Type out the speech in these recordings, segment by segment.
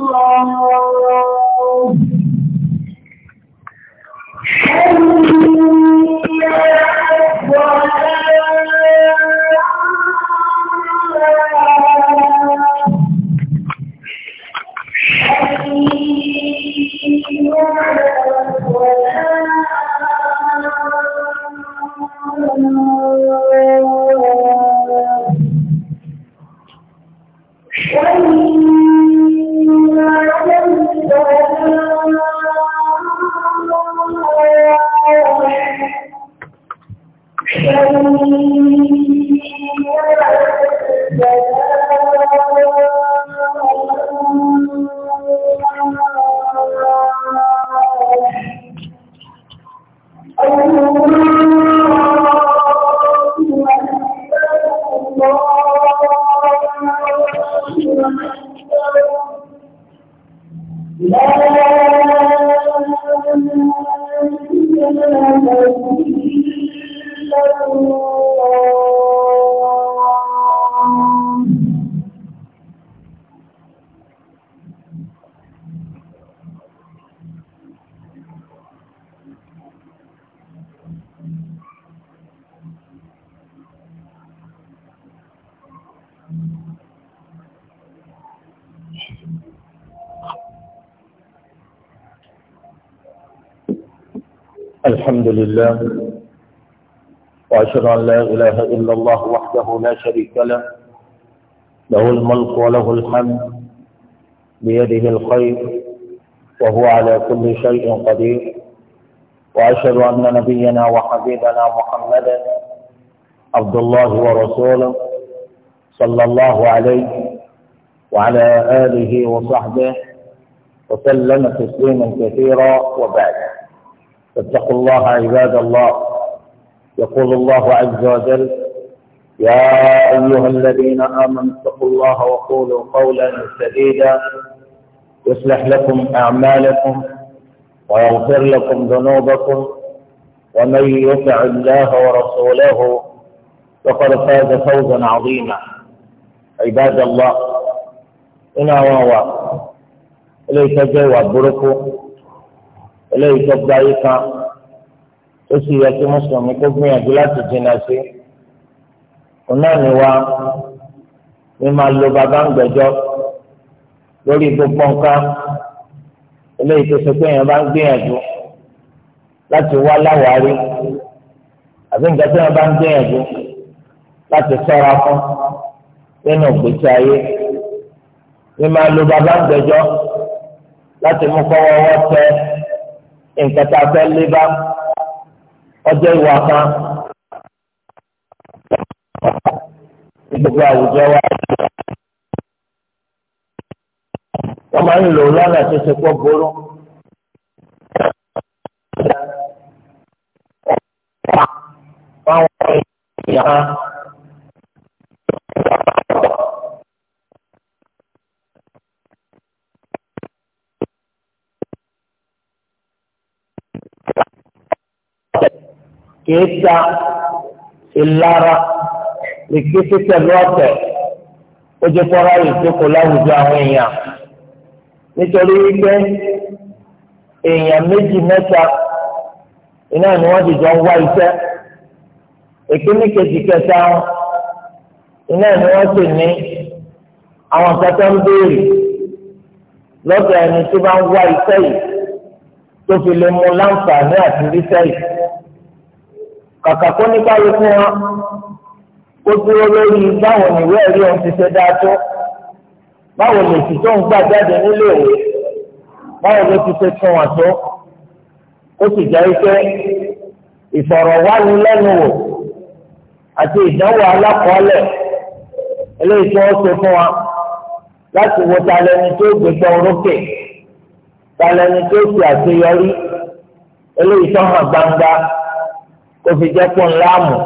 الله الله وأشهد أن لا إله إلا الله وحده لا شريك له له الملك وله الحمد بيده الخير وهو على كل شيء قدير وأشهد أن نبينا وحبيبنا محمدا عبد الله ورسوله صلى الله عليه وعلى آله وصحبه وسلم تسليما كثيرا وبعد فاتقوا الله عباد الله يقول الله عز وجل يا أيها الذين آمنوا اتقوا الله وقولوا قولا سديدا يصلح لكم أعمالكم ويغفر لكم ذنوبكم ومن يطع الله ورسوله فقد فاز فوزا عظيما عباد الله إنا وهو إليك جوى بركو إليك الضعيفة ó sì yẹ kí mùsùlùmí kó gbìyànjú láti jìnnà sí ọ̀nà ìwà mi máa lo bàbá ń gbẹ́jọ́ lórí gbogbo nǹkan eléyìí tó ṣe pé èèyàn bá ń gbìyànjú láti wá láwárí àbí nǹkan tí wọn bá ń gbìyànjú láti ṣọ́ra fún nínú ìgbésí ayé mi máa lo bàbá ń gbẹ́jọ́ láti mú kọ́wọ́wọ́ tẹ nǹkan tá a fẹ́ lé bá ọjọ́ ìwà kan ní gbogbo àwùjọ wa. wọ́n máa ń lò lọ́nà tó ṣe pọ́ ború. Báwọn èèyàn máa. kìí ta ìlara ìkíkí pẹ̀lú ọ̀tẹ̀ ó jẹ́ kọ́ra ìjókòó láwùjọ àwọn èèyàn nítorí wípé èèyàn méjì mẹ́ta iná ni wọ́n ti jọ ń wá iṣẹ́ ìkíní kejì kẹta iná ni wọ́n sì ní àwọn kẹta ń béèrè lọ́dọ̀ ẹni tó bá ń wá iṣẹ́ yìí tó fi lè mú láǹfààní àti ríṣẹ́ yìí. kàkà kó ní fún wa, ó dúró lórí báwo ni ìwé ẹ̀rí òun ti ṣe dáa tó báwo lè ti tó ń gbà jáde nílé ìwé báwo ló ti ṣe tún wọn tó ó sì jẹ́ ìfọ̀rọ̀wánilẹ́nuwò àti ìdánwò alákọ̀ọ́lẹ̀ eléyìí tí ṣe fún wa láti wo talẹ́ni tó orókè eléyìí tó gbangba. ó fi jẹ́ kó ńlá mù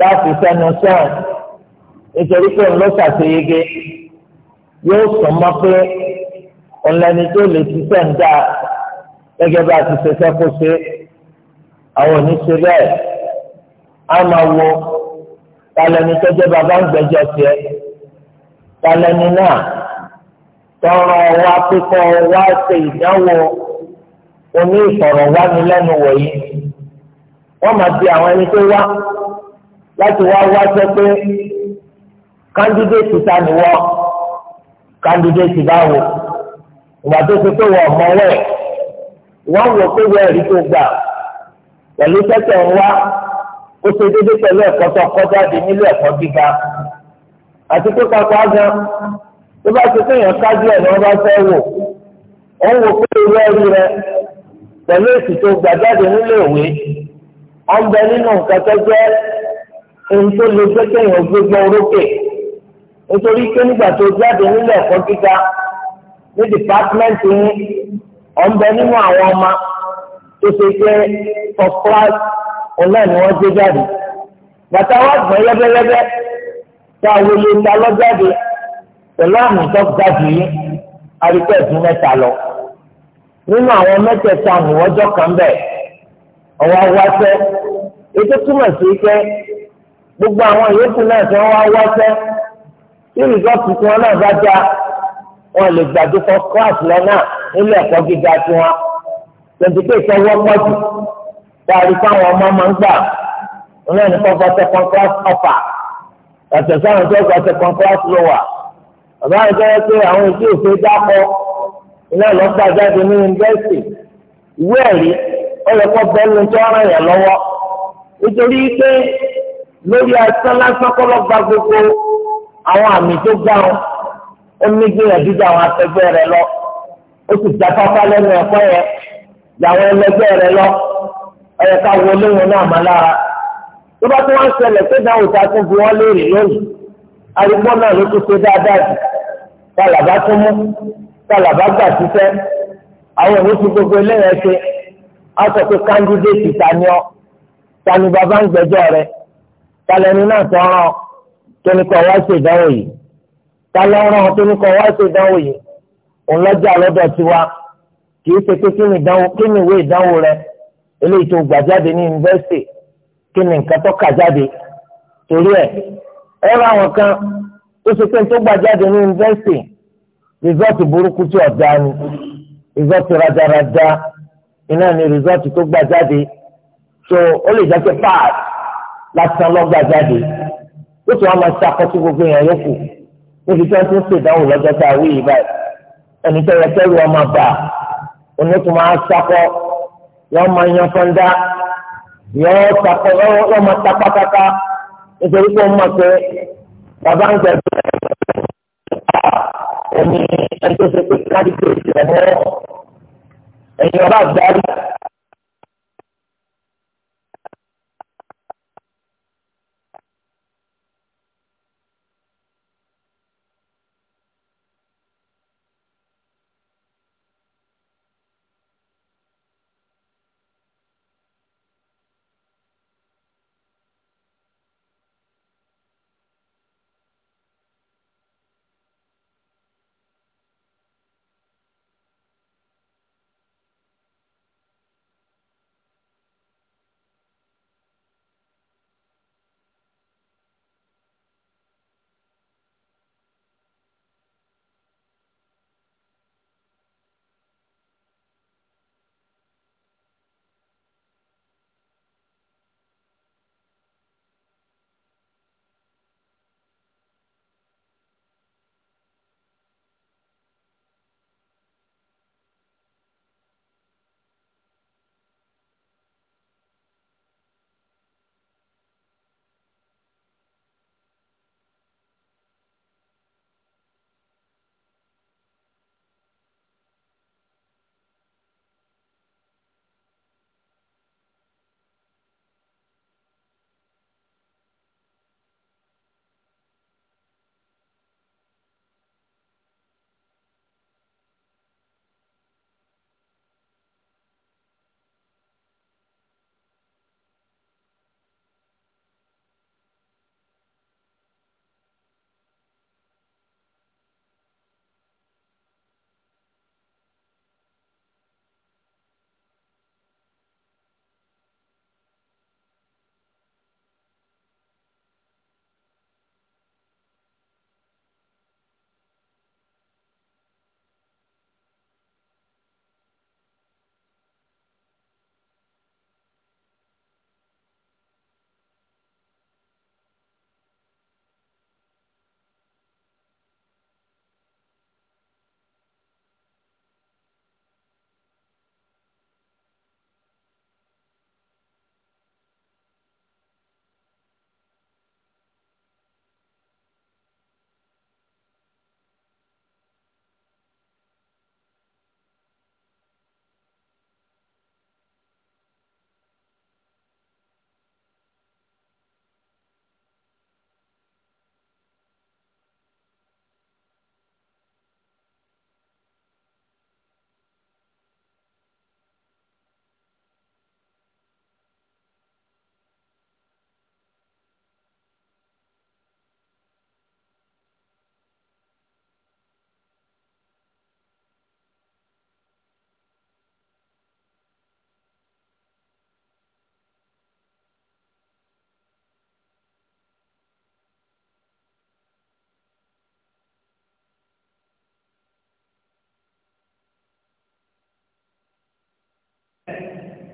láti sẹ́nu sẹ́wọ̀n nítorí pé ńlọ ṣàṣeyege yóò sọ mọ́ pé ọ̀lẹ́ni tó lè ṣiṣẹ́ ń dáa gẹ́gẹ́ bá a ti ṣe fẹ́ kó ṣe àwọn oníṣe bẹ́ẹ̀ á máa wo talẹ́ni tó jẹ́ bàbá ń gbẹ́jọ́ tiẹ̀ talẹ́ni náà tọrọ wa pípọ̀ wá ṣe ìdánwò oní ìfọ̀rọ̀wánilẹ́nuwò yìí wọ́n máa bi àwọn ẹni tó wá láti wá wá sọ pé kándídéètì ta ni wọ́n kándídéètì báwo ìgbà tó ṣe pé wọ́n mọ wẹ̀ wọ́n wò pé wọ́n ẹ̀rí tó gbà pẹ̀lú tẹ́tẹ̀ ń wá ó ṣe déédé pẹ̀lú ẹ̀kọ́ tó kọ́ jáde nílé ẹ̀kọ́ gíga àti pé papọ̀ gan tó bá ti fẹ́yàn kájú ẹ̀ ni wọ́n bá fẹ́ wò ó ń wò pé wọ́n ẹ̀rí rẹ pẹ̀lú èsì tó gbà jáde nílé ìwé ọ̀nbẹ nínú nǹkan tó jẹ́ ohun tó lè jẹ́ kéèyàn gbégbá orókè nítorí pé nígbà tó jáde nílé ẹ̀kọ́ gíga ní dìpátímẹ́ǹtì yín ọ̀nbẹ nínú àwọn ọmọ tó ṣe pé first class ọ̀nà ni wọ́n gbé jáde bàtà wà gbọ́n yẹ́bẹ́yẹ́bẹ́ tá a wọlé ta lọ́jáde pẹ̀lú àmì tó ga jù yín arikẹ́ẹ̀dún mẹ́ta lọ nínú àwọn mẹ́tẹ̀ẹ̀ta nìwọ́jọ́ kan bẹ́ẹ̀ ọwọ́ awáṣẹ́ ètò túmọ̀ sí pé gbogbo àwọn yòókù náà tí wọ́n wá wáṣẹ́ tí rìsọ́ọ̀tì tí wọ́n náà bá já wọn lè gbàdú fọ kíláàsì lọ́nà nílé ẹ̀kọ́ gíga tiwọn tẹ̀síkè ìtọ́wọ́ pọ̀ jù dárí fáwọn ọmọ máa ń gbà wọn náà ní kọ́kọ́ second class offer yàtọ̀ sáwọn tó gba second class lower bàbá mi tẹ́lẹ̀ pé àwọn èsì òfin dákọ̀ iná lọ́gbà jáde ní yunifásitì ìwé ẹ̀rí ó yẹ kó bẹ́ẹ̀nu tí wọ́n ràn yàn lọ́wọ́ nítorí pé lórí asán lásán kọ́ lọ́ gba gbogbo àwọn àmì tó gbà wọn ó ní gbìyànjú ju àwọn akẹgbẹ́ rẹ lọ ó sì já pápá lẹ́nu ẹ̀kọ́ yẹn làwọn ẹlẹgbẹ́ rẹ lọ ó yẹ ká wo lóyún náà má lára tó bá tó wọ́n ṣẹlẹ̀ pé dáhùn tá a tún fi wọ́n léèrè lónìí arúgbó náà ló tún ṣe dáadáa jù tálàbá tún mú tálàbá gbà síṣẹ́ àwọn òní ti gbogbo eléyẹn a sọ pé kándídéètì tani ọ tani bàbá ń gbẹ́jọ́ rẹ talẹni náà tọrọ tóní kọ wá ṣe ìdánwò yìí talẹrọ tóní kọ wá ṣe ìdánwò yìí òun lọ́jà lọ́dọ̀ tiwa kì í ṣe pé kí ni ìwé ìdánwò rẹ eléyìí tó gbà jáde ní yunifásitì kí ni nǹkan tó kà jáde torí ẹ ẹ rà wọn kan ó ṣe pé tó gbà jáde ní yunifásitì rìsọ́ọ̀tì burúkú tí ọ̀dá ni rìsọ́ọ̀tì rádaràda iná ni rìsọ́ọ̀tì tó gbà jáde so ó lè jẹ́ pé pass lásán lọ́gbà jáde ó sì wọ́n máa ṣe àkọsí gbogbo èèyàn yòókù níbi tí wọ́n ti ń ṣèdánwò lọ́jọ́ tá a wí yìí báyìí ẹni tó yẹ kẹ́rù ọmọ bá òní tó máa ṣakọ yọ́n máa yan fọ́ndá yọ́n ṣakọ yọ́n máa ta pátákà nítorí pé wọ́n máa pé bàbá ń gbẹ̀dọ̀ ẹni ẹni tó ṣe pé káàdì tó ṣe ẹ̀ ẹ̀yin ọba àgbáyé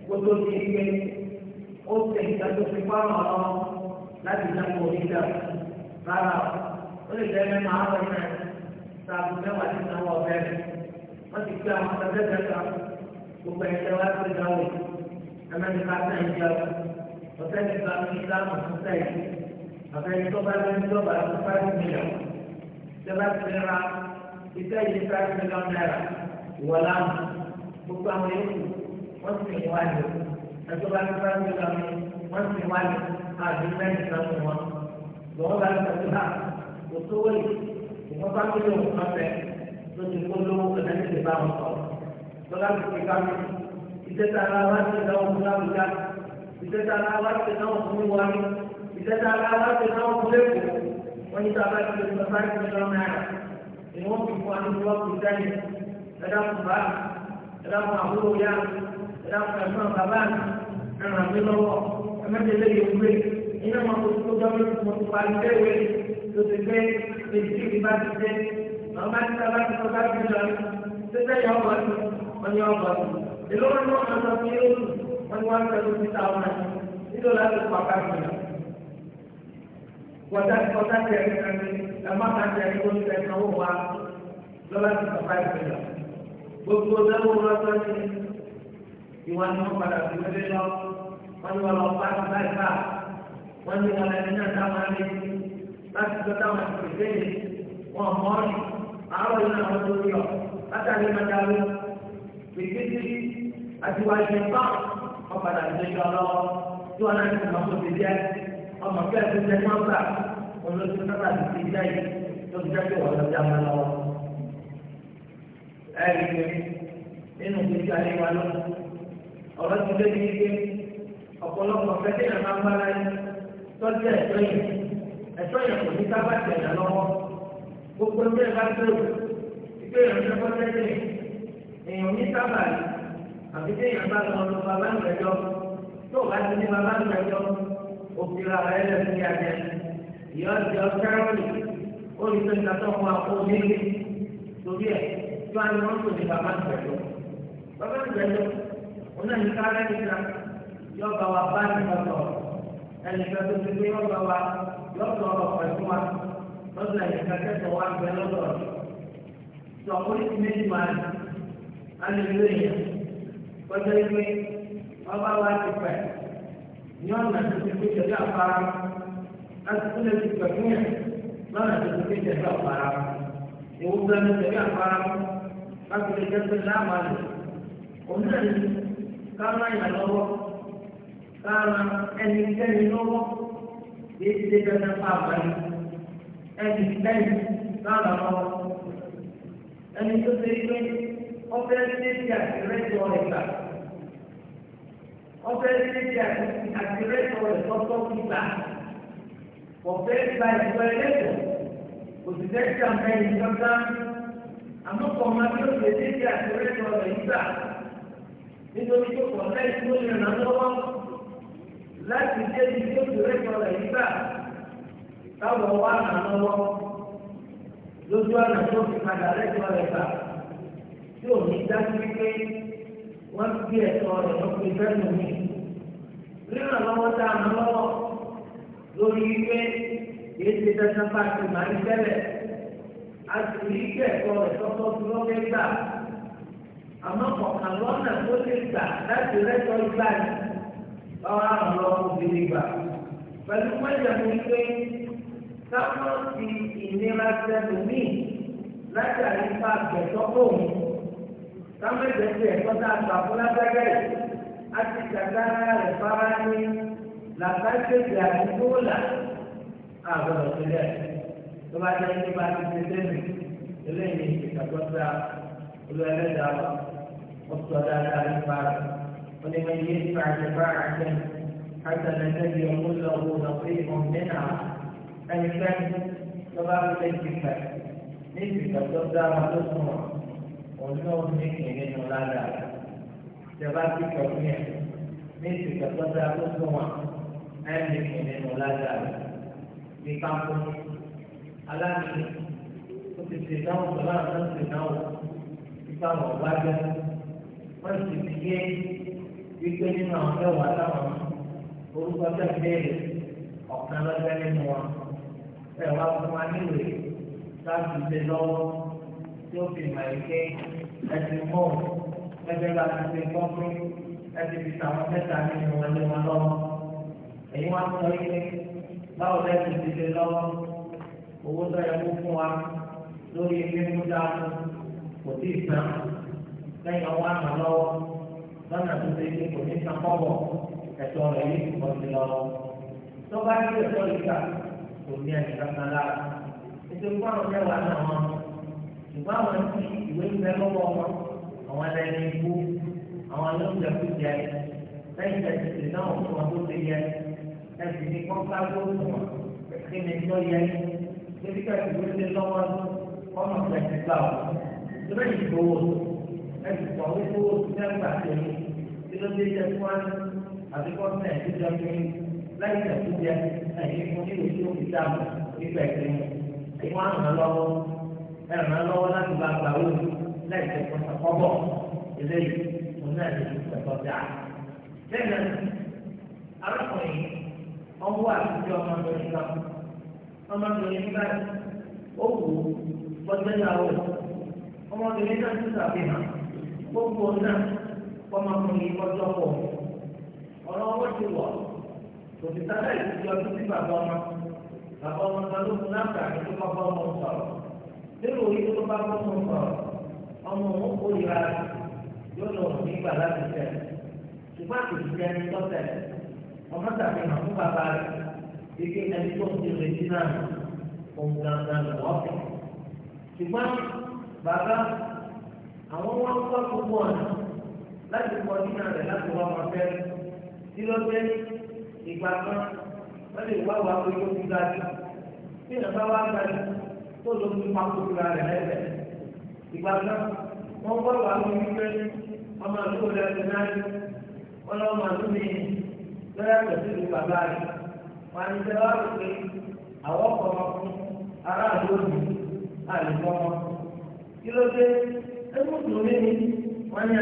gbogbo ti ń gbé ó ṣe ìdájọ́ fi fáwọn ọ̀rọ̀ láti dáko nígbà rárá ó lè jẹ́ mẹ́ta àwọn ọ̀rẹ́ rẹ̀ sáàbù mẹ́wàá ti náwó ọ̀rẹ́ rẹ̀ wọ́n ti gbé àwọn ọ̀sẹ̀ mẹ́ta gbogbo ẹ̀jẹ̀ wá sí ìdáwó ẹ̀mẹ́ni ká sẹ́ ń jẹ́ ọ̀sẹ̀ nípa ní ìdáhùn fún sẹ́yìn àfẹ́yìn tó bá lóyún tó bá tó bá lóyún yẹn ìjọba ti ra iṣẹ́ yìí fẹ́ẹ́ fi náírà ìwọ̀lá wọ́n sì wá lò ẹjọ́ bá ti fẹ́ẹ́ gbé lọ́wọ́ wọ́n sì wá lò àbí mẹ́rin kan fún wọn. lọ́wọ́ bá ti sọ náà kò tó wẹ̀ ìwọ́n bá tó lò wọ́n fẹ́ ló ti kó lówó kọ̀dá ní ìbá wọn sọ. lọ́wọ́ ti fi ká mi ìṣẹ́ tara wá ti dáwọ́ fún láwùjá ìṣẹ́ tara wá ti dáwọ́ fún wíwáyé ìṣẹ́ tara wá ti dáwọ́ fún lẹ́kọ̀ọ́ wọ́n ní sábà ti lè sọ báyìí fún ẹ̀dá fún bá ẹ̀dá fún àbúrò yá ìdáhùn ẹ̀fọn bàbá mi ẹ̀ràn mi lọ́wọ́ ẹ̀mẹ́tẹ̀lẹ́ yóò gbé iná máa kó tó dọ́wọ́ tó tó pa ilé ìwé tó ti gbé ètí ìbá ti gbé àwọn bá ti sábà ti sọ́ká ti lọ tẹ́tẹ́ yọ ọ̀bọ̀ tó wọ́n yọ ọ̀bọ̀ tó èló wọn ni wọ́n sọ fún yóò wọ́n ni ìwọ ni wọ́n padà fi wọlé lọ wọ́n ní wọ́n lọ bá ti báyìí bá wọ́n ní wọ́n lẹ́ni náà táwọn lé láti tó táwọn ti pèsè lè wọ́n mọ́ ọ́nì àárọ̀ yìí náà wọ́n tó yọ látàrí mẹ́ta ló pèsè sí àtiwájú bá wọ́n padà fi lọ lọ́wọ́ tí wọ́n náà ti mọ̀ kó ti ọmọ kí ẹ̀ ti jẹ́ nọ́ọ̀sà òun ló ti sábà ti ti jẹ́ yìí ló ti jẹ́ pé wọ́n lọ jáma lọ́wọ́. ẹ̀rí nínú ìgbésí ayé wa lọ́wọ́ ọ̀rọ̀ ti dé bíi pé ọ̀pọ̀lọpọ̀ fẹ́tẹ́ yẹn máa ń bára yín tọ́jú ẹ̀tọ́ yẹn ẹ̀tọ́ yẹn kò ní sábà tẹ̀lé lọ́wọ́ gbogbo ẹgbẹ́ bá tó ìgbé yẹn ń tẹ́kọ́ tẹ́lẹ̀ èèyàn ní sábà yìí àfi dé yẹn bá lọ lọ bàbá ń rẹjọ tó o bá ti ní bàbá ń rẹjọ òkìlà rẹ lẹ fi àjẹ ìyọ́ ti ọ fún akó nílé torí ẹ̀ tí wọ́n á ní wọ́n tó ní bàbá ń rẹjọ bàbá ń rẹjọ ọ̀nà nìkan lẹ́nu kan yọ bá wa bá nìkan sọ̀rọ̀ ẹnìkan tó ti gbé yọ bá wa yọ sọ̀rọ̀ pẹ̀lú wa lọ́dọ̀ ẹnìkan kẹ́kọ̀ọ́ wa gbẹ lọ́dọ̀ rẹ̀ sọ oríṣi méjì máa ní alèlú èèyàn kọjá ìwé ọba wa ti pẹ̀ ní ọ̀nà tó ti gbé jẹ̀dá àpárá láti tó lè ti pẹ̀ fún yẹn lọ́nà tó ti gbé jẹ̀dá àpárá ìwúgbẹ́ mi jẹ̀dá àpárá láti lè jẹ́ pé láàmú àlè òun náà ní kára ìyàlọ́wọ́ kára ẹnikẹ́ni lọ́wọ́ yéé ti dé dandan pa àbáyé ẹnikẹ́ni lára lọ́wọ́ ẹni tó ṣe pé ọbẹ̀ ṣe ti àtìrẹ́tọ̀ rẹ̀ gbà ọbẹ̀ ṣe ti àtìrẹ́tọ̀ rẹ̀ tọ́tọ́ gbígbà ọ̀fẹ́ gba ìjọ ẹlẹ́tọ̀ òṣìṣẹ́ ṣàǹfẹ́ ìjọba àmọ́kọ̀ọ́mọ́ tó ṣe ti àtìrẹ́tọ̀ rẹ̀ gbà nítorí tó pọ̀ lẹ́yìn tó lè ràn lọ́wọ́ láti jẹ́ ibi tó ti rẹ́ kọ́ lẹ́yìn táwọn wá ràn lọ́wọ́ lójú àná tó fi padà lẹ́tọ́ rẹ̀ gbà tí ò ní dájú pé wọ́n ti gbé ẹ̀tọ́ rẹ̀ lọ pé fẹ́ẹ́ lò ní. ríràn lọ́wọ́ tá a ràn lọ́wọ́ lórí wípé èyí ti dandan bá ti máa ń tẹ́lẹ̀ a sì rí ẹ̀tọ́ rẹ̀ tọ́tọ́ sí lọ́kẹ́ gbà àmọ́ kọ̀ọ̀kan lọ́nà tó lè gbà láti rẹ́tọ́ gbà ní ọ̀rọ̀ àwọn obìnrin gbà. pẹ̀lú mọ́jàmú pé sáwọn ti ìnira sẹ́nu míì látàrí ipa àgbẹ̀tọ́ fóun sáwọn ìgbésẹ̀ ẹ̀kọ́ tá a gbà fún lágbájá yìí á ti gbàgbá rẹ̀ fara ní làbájẹ́sì àdúgbò là àbọ̀dọ̀ sílẹ̀ tó bá jẹ́ nípa ti ṣe sẹ́nu eléyìí ìṣèkàgbọ́sá olùwẹ̀lẹ́dà ọ̀sọ̀ dáadáa nípa rẹ̀ wọ́n ní wọ́n yé nípa àjẹbá àjẹ àtàlẹ́sẹ̀ yẹ ọmọ lọ́wọ́ lọ́wọ́ ìmọ̀ nínà ẹnikẹ́ni lọ́ba fẹ́ ìgbìkà ní ìgbìkà tó dára tó sùn òun náà ní ìrìn nù ládàá ìjọba ti kọ̀ fún yẹn ní ìgbìkà tó dára tó sùn wọn ẹ̀ ní ìrìn nù ládàá ní kápó aláàbí ó ti ṣèdáwó pẹ̀lú àwọn tó ń ṣèdáwó táwọn wá jẹ́ wọ́n sì fi yé wípé nínú àwọn mẹ́wàá táwọn orúkọ tẹ̀ béèrè ọ̀kan lọ́jọ́ nínú wọn ẹ̀ fún wa níwèé láti ṣe lọ́wọ́ tí ó fi mọ̀ ike ẹtì mọ́ ẹgbẹ́ bá ti ṣe gbọ́ ẹtì fi tàwọn mẹ́ta nínú wọn lé wọn lọ́wọ́ èyí wá sọ ike báwo lẹ́sìn ti ṣe lọ́wọ́ owó tó yẹ kó fún wa lórí ilé mú dáa kò tí ì san lẹ́yìn ọwọ́ àmọ́ lọ́wọ́ lọ́nà tó ṣe pé kò ní san kọ́bọ̀ ẹ̀tọ́ rẹ̀ yìí kò ti lọ. tó bá rí ẹ̀tọ́ ìgbà kò ní ẹ̀jẹ̀ kankan lára nítorí pé àwọn mẹ́wàá náà wọn ṣùgbọ́n àwọn tí ìwé ń bẹ lọ́wọ́ wọn àwọn ẹlẹ́ni ikú àwọn alóúnjẹ kú jẹ lẹ́yìn tẹ̀sítì náà fún wọn tó ti yẹ ẹ̀sìn ní kọ́ńtà tó fún wọn kí ni tó yẹ ìṣúná ìdìbòwò ẹ̀sìn pàwé tó dẹ́gbà tèmi tí ló dé jẹ fún àná àti kọ́sìnà ìdíjọ mi láì tẹ̀síjẹ ẹ̀yìn fún ìwé tí ó fi dáàbò nípa ẹ̀sìn mi. Ìwọ́n àná lọ́wọ́ ẹ̀rọ lọ́wọ́ láti bá gbà wò láì tẹ̀síjẹ kọ́bọ̀ eléyìí mo náà lè fi tẹ̀sọ́ dáa. Bẹ́ẹ̀ náà arákùnrin ọwọ́ àtijọ́ ọmọbìnrin náà ọmọbìnrin náà ó wù ú bọ́jọ́ ọmọbìnrin náà ti sàfihàn gbogbo náà ọmọkùnrin ọjọ́ pọ̀ ọ̀rọ̀ owó ti wọ̀ kò sì sábà ìdíje ọdún sí bàbá ọmọ bàbá ọmọ kan ló fún àǹfààní tó bá bá ọmọ sọ̀rọ̀ nínú orí tó bá bá ọmọ sọ̀rọ̀ ọmọ òun kò yíra yóò lọ nígbà láti tẹ̀ ṣùgbọ́n àtòjì jẹ́ ẹni tọ́tẹ̀ ọmọ sàfihàn fún bàbá rẹ̀ ike ẹni tó ń ti retí náà òun gangan lọ́wọ́ ṣùgbọ́n bàbá àwọn wọn kọ́ gbogbo ọ̀nà láti kọ́ nínú rẹ̀ láti wá wọn fẹ́ tí ló dé ìgbà kan wọ́n lè wá wàá pé ó ti ga jù bí ìrọ̀lá wá ga jù tó ló fi pa gbogbo rẹ̀ lẹ́sẹ̀ ìgbà kan wọ́n kọ́ wàá pé wípé ọmọ àdúgbò rẹ̀ ti náà wọ́n lọ́wọ́ màá lómi lọ́yà pẹ̀lú ìlú bàbá rẹ̀ wọ́n á ní sẹ́wọ́n á pé àwọn ọkọ̀ ọmọkùnrin aráàlú òbí àlùkò ọmọkùnrin kí ló dé ẹ mùsùlùmí ni wọ́n yẹ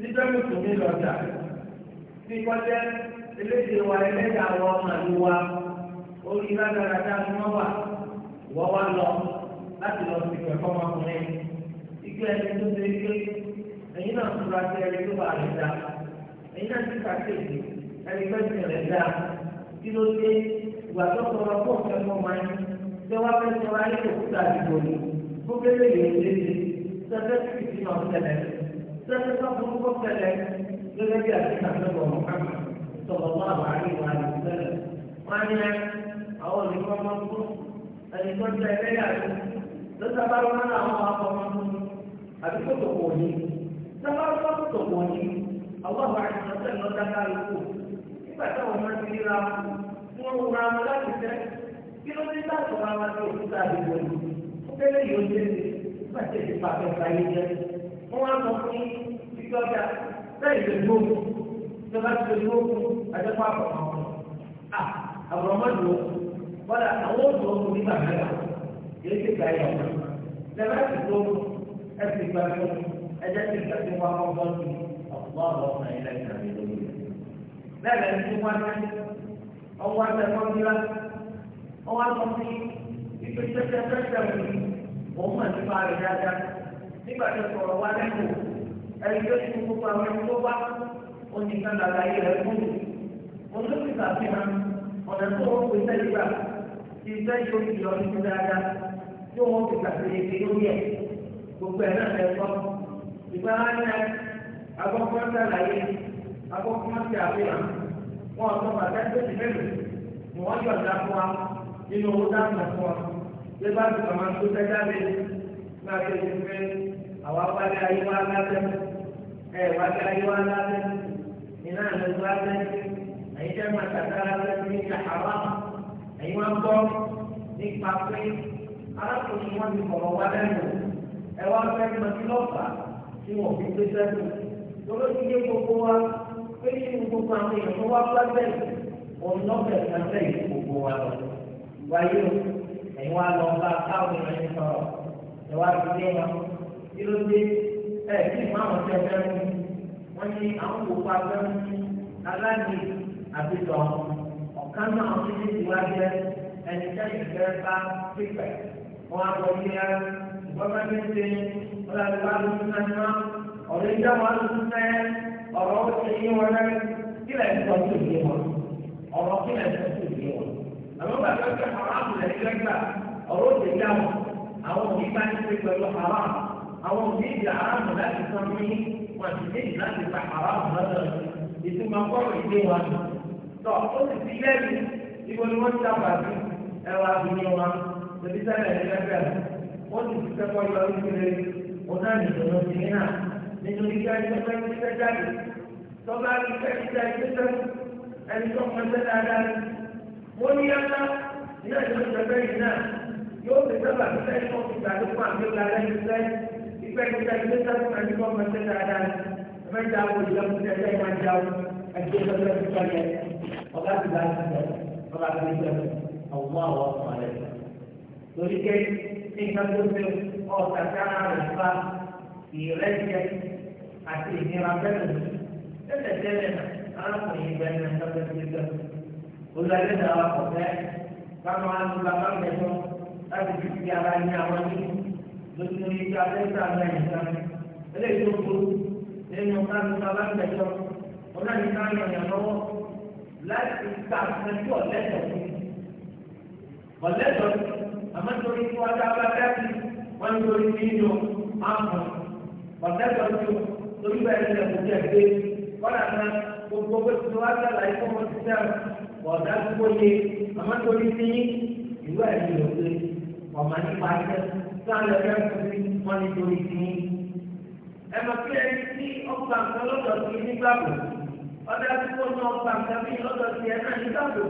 títẹ́ mùsùlùmí lọ́jà bí kọ́jẹ́ eléyìí wa ẹlẹ́dàá wọ màlúù wa orí ládàradà ni wọ́n wà wọ́n wá lọ láti lọ sí ìpẹ́ fọ́mọkùnrin ike ẹni tó ṣe ike ẹ̀yin náà fura sí ẹni tó wà rẹ̀ dá ẹ̀yin náà ti kàkéèdì ẹni fẹ́ẹ́ rẹ̀ dá kí ló dé ìgbà tó kọ́ ọ fún ọ̀fẹ́ mọ́ máa tẹ́wọ́ fẹ́ẹ́ sọ ayé òkúta àdìgbò bu böyle yönetimi zaten bütün hafteler, zaten bunu kompeler, böyle bir hakikaten bu Muhammed sallallahu aleyhi ve sellem. Mâniler, àwọn nìkan máa ń kú, ẹnìkan tẹ ẹlẹ́yà rẹ̀, lọ́sà bá wọn náà àwọn akọ máa ń àti kótó kò ní. Sábà wọn bá kótó kò ní, àwọn àwọn àìsàn tẹ̀lé ọjà káàlù kù. Nígbà táwọn máa ti ríra wọn, wọ́n wúra wọn láti fẹ́. Kí ló dé láti wá wá sí tẹ́lẹ̀ yóò dé ní pàṣẹ ìdìbò àfẹ́fẹ́ ayé jẹ́ wọ́n wá sọ fún títí ọjà bẹ́ẹ̀ lè ló mú ìjọba ti lè ló mú àjẹpọ̀ àbọ̀mọ́ àbọ̀mọ́ lò wọ́n àwọn oṣù ọkùnrin nígbà mẹ́ta yóò ṣe gba ẹ̀yọ̀ mọ́ ìjọba ti ló mú ẹ̀sìn gba tó ẹ̀jẹ̀ ti gba tó wọn kọ́ sí ọ̀pọ̀ ọ̀pọ̀ ẹ̀yẹ lẹ́yìn àti ìlú mo mọ̀ nípa rẹ̀ dáadáa nígbà tó sọ̀rọ̀ wá lẹ́nu ẹni tó ti gbogbo àwọn ẹni tó bá oníkan lára ayé rẹ̀ fún mi mo tó ti ṣàfihàn ọ̀nà tó wọ́n pè sẹ́yìn gbà ti sẹ́yìn omi lọ sí dáadáa tó wọ́n ti ṣàfihàn lórí ẹ̀ gbogbo ẹ̀ náà lẹ́kọ́ ìgbà wọn ní agbọ́kọ́ sàlàyé agbọ́kọ́ ti àfihàn wọn ọ̀tọ́ bàtà tó ti mẹ́lò ni wọ́n yọ̀ ọ̀dà wa nínú owó dáhùn wa bí bá ti kàmá tó tẹ́jà mi máa fi ẹni pé àwa wálé ayé wá lábẹ́ ẹ wálé ayé wá lábẹ́ iná ló wá lẹ́ ẹ̀yin tẹ́ máa tàkàrà lẹ́nu ní àhárá ẹ̀yin wá gbọ́ nípa pé arákùnrin wọn ti bọ̀rọ̀ wá lẹ́nu ẹ wá fẹ́ mọ́tí lọ́fà tí wọ́n fi gbé sẹ́nu lọ́lọ́sí yé gbogbo wa pé kí ni gbogbo àwọn èèyàn tó wá gbá bẹ́ẹ̀ òun lọ́bẹ̀ẹ́ kan bẹ́ẹ̀ gbogbo wa lọ wáyé o ẹ̀yin wá lọ bá káwọn èèyàn yẹn sọ̀rọ̀ ẹ̀ wá fi dé wọn kí ló dé ẹ̀ kí ìmọ̀ àwọn tẹ̀ fẹ́ mú wọ́n ní àwọn kò pa fẹ́ mú aláàbí àbíkọ̀ ọ̀kan náà ti ní ìwádìí ẹni sẹ́yìn fẹ́ bá pípẹ́ wọn á lọ yí ẹ ìgbọ́dọ̀ ní ṣe ọ̀là ìwà lóṣù náà ní wọn ọ̀rẹ́ ìjà wọn lóṣù náà ọ̀rọ̀ ti yí wọn náà kílẹ̀ ń sọ sí òye ìrẹ́gbà ọ̀rọ̀ òde dáhùn àwọn òní bá ní pé pẹ̀lú haram àwọn òní ìjà haram láti san mí wọn sì ní láti ta haram lọ́dọ̀ ìtumọ̀ kọ́rọ̀ ìdí wọn. tọ́ ó sì ti lẹ́rìí ibo ni wọ́n ti ta pàṣẹ ẹwà àbúrò wọn lórí sẹ́lẹ̀ ìrẹ́gbà wọ́n sì ti sẹ́kọ̀ọ́ yọ ìpele ọ̀nàmì ìdùnnú sí ní náà nínú ìgbà ìgbà ìgbà jáde tọ́ba ìgbà ìgbà ẹni tó kọjá dáadáa wọ́n ní yàtọ̀ iná ìlú ìjọba yìí náà yóò fi sábà fífẹ́ tó fi gbà tó fún àmì ìlànà ìfẹ́ ìfẹ́ ìfẹ́ ìfẹ́ sábà fún àmì ìfọ́n fẹ́ dáadáa ẹ̀fẹ́ ìjà wo ìjọba fún ẹ̀fẹ́ máa jà o ẹ̀jẹ̀ ìjọba fún ìjọba yẹn ọ̀gá ti bá ti bẹ̀ ọ̀gá ti bẹ̀ ìjọba ọ̀gbọ́n àwọn ọ̀gbọ́n rẹ̀ torí ké nígbà tó fi ọ̀tà sára rẹ̀ fa ìrẹ́jẹ àti ìnira bẹ́ẹ̀ tẹ́lẹ̀ tẹ́lẹ̀ náà arákùnrin ìgbẹ́ni ẹ̀ káwọn máa ń gba káwọn mẹ́jọ láti fi fi ara ní àwọn ní lóṣù ní ìjà lẹ́sà ní àyíká eléyìí tó kú nínú káwọn bàbá mẹ́jọ wọn náà ní káwọn yàn lọ́wọ́ láti ta àtúntò ọ̀lẹ́tọ̀ ọ̀lẹ́tọ̀ àmọ́ torí kí wọ́n dá bá dábì wọ́n torí kí ń lo àmọ́ ọ̀lẹ́tọ̀ tó torí bẹ́ẹ̀ ní ẹ̀kú jẹ́ gbé wọ́n àná gbogbo gbèsè wá sálà ikú wọn ti dẹ́rù ọ̀dà gbogbo yẹ àmọ́ torí sí ìlú ẹ̀mí ló pé ọ̀mà nípa iṣẹ́ sáàlẹ̀ ẹ̀rọ sí wọn nítorí sí. ẹ mọ̀ pé ẹni tí ọgbà nǹkan lọ́dọ̀ sí nígbàgbọ́ ọ̀dà gbogbo náà ọgbà nǹkan bí lọ́dọ̀ sí ẹ náà nígbàgbọ́.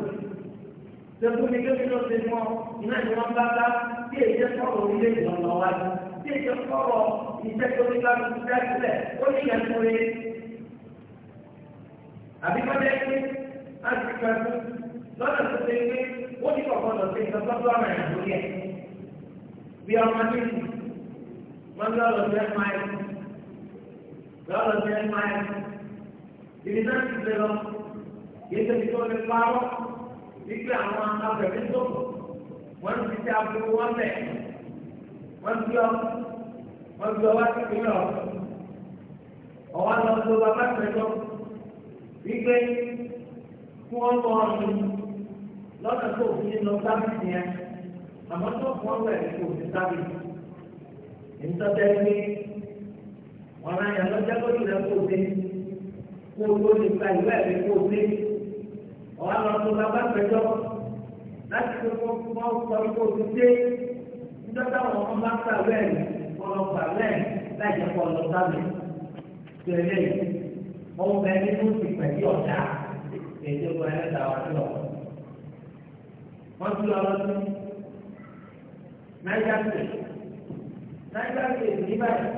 Gbogbo ní kébí ló ṣe mọ́ iná ni wọ́n bá bá bí èyí sọ̀rọ̀ orílẹ̀-èdè ọ̀nà wa ni bí èyí sọ̀rọ̀ iṣẹ́ tó ní bá tuntun dá sílẹ̀ ó ní ìyẹn tó rẹ̀. Àbíkọ́jẹ́ pé àgbẹ̀kẹ̀kù lọ́nà tó ṣe pé ó ní kọ̀ọ̀kan lọ sí nǹkan tọ́jú àwọn ẹ̀rọ lórí ẹ̀. bí ọmọ ní ìlú wọn lọ lọ sí ẹ̀ma ẹ̀ lọ lọ sí ẹ̀ma ẹ̀ ìdí náà ti ṣe lọ yìí ṣe ti tó lè parọ́ wípé àwọn abẹ̀mí tó wọ́n ti ṣe aburú wọn bẹ̀ wọ́n ti lọ wọ́n ti lọ wá sí ìpínlẹ̀ ọ̀hún ọ̀wá lọ sí ọba bá ti rẹ̀ lọ wípé kí wọ́n tọ́ ọ ní lọ́nà tó fi ń lọ sábìsì yẹn àmọ́ tó fún ọgbà ẹ̀ kò sí sábìsì. èyí tó tẹ́ pé ọ̀rọ̀ àyàn lọ́jọ́ lórí rẹ̀ kò dé kó o ló lè gba ìwé ẹ̀rí kó o dé ọ̀rọ̀ àwọn tó bá bá pẹ̀jọ́ láti fi kó wọ́n sọ kó o ti dé nígbà táwọn ọmọ bá gbà wẹ́ẹ̀rì ọlọ́gbà wẹ́ẹ̀rì láì jẹ́ kó èdè kò ẹlẹ́dàá wà lọ. wọ́n tún lọ lọ́dún náírà pè náírà pè ní báyìí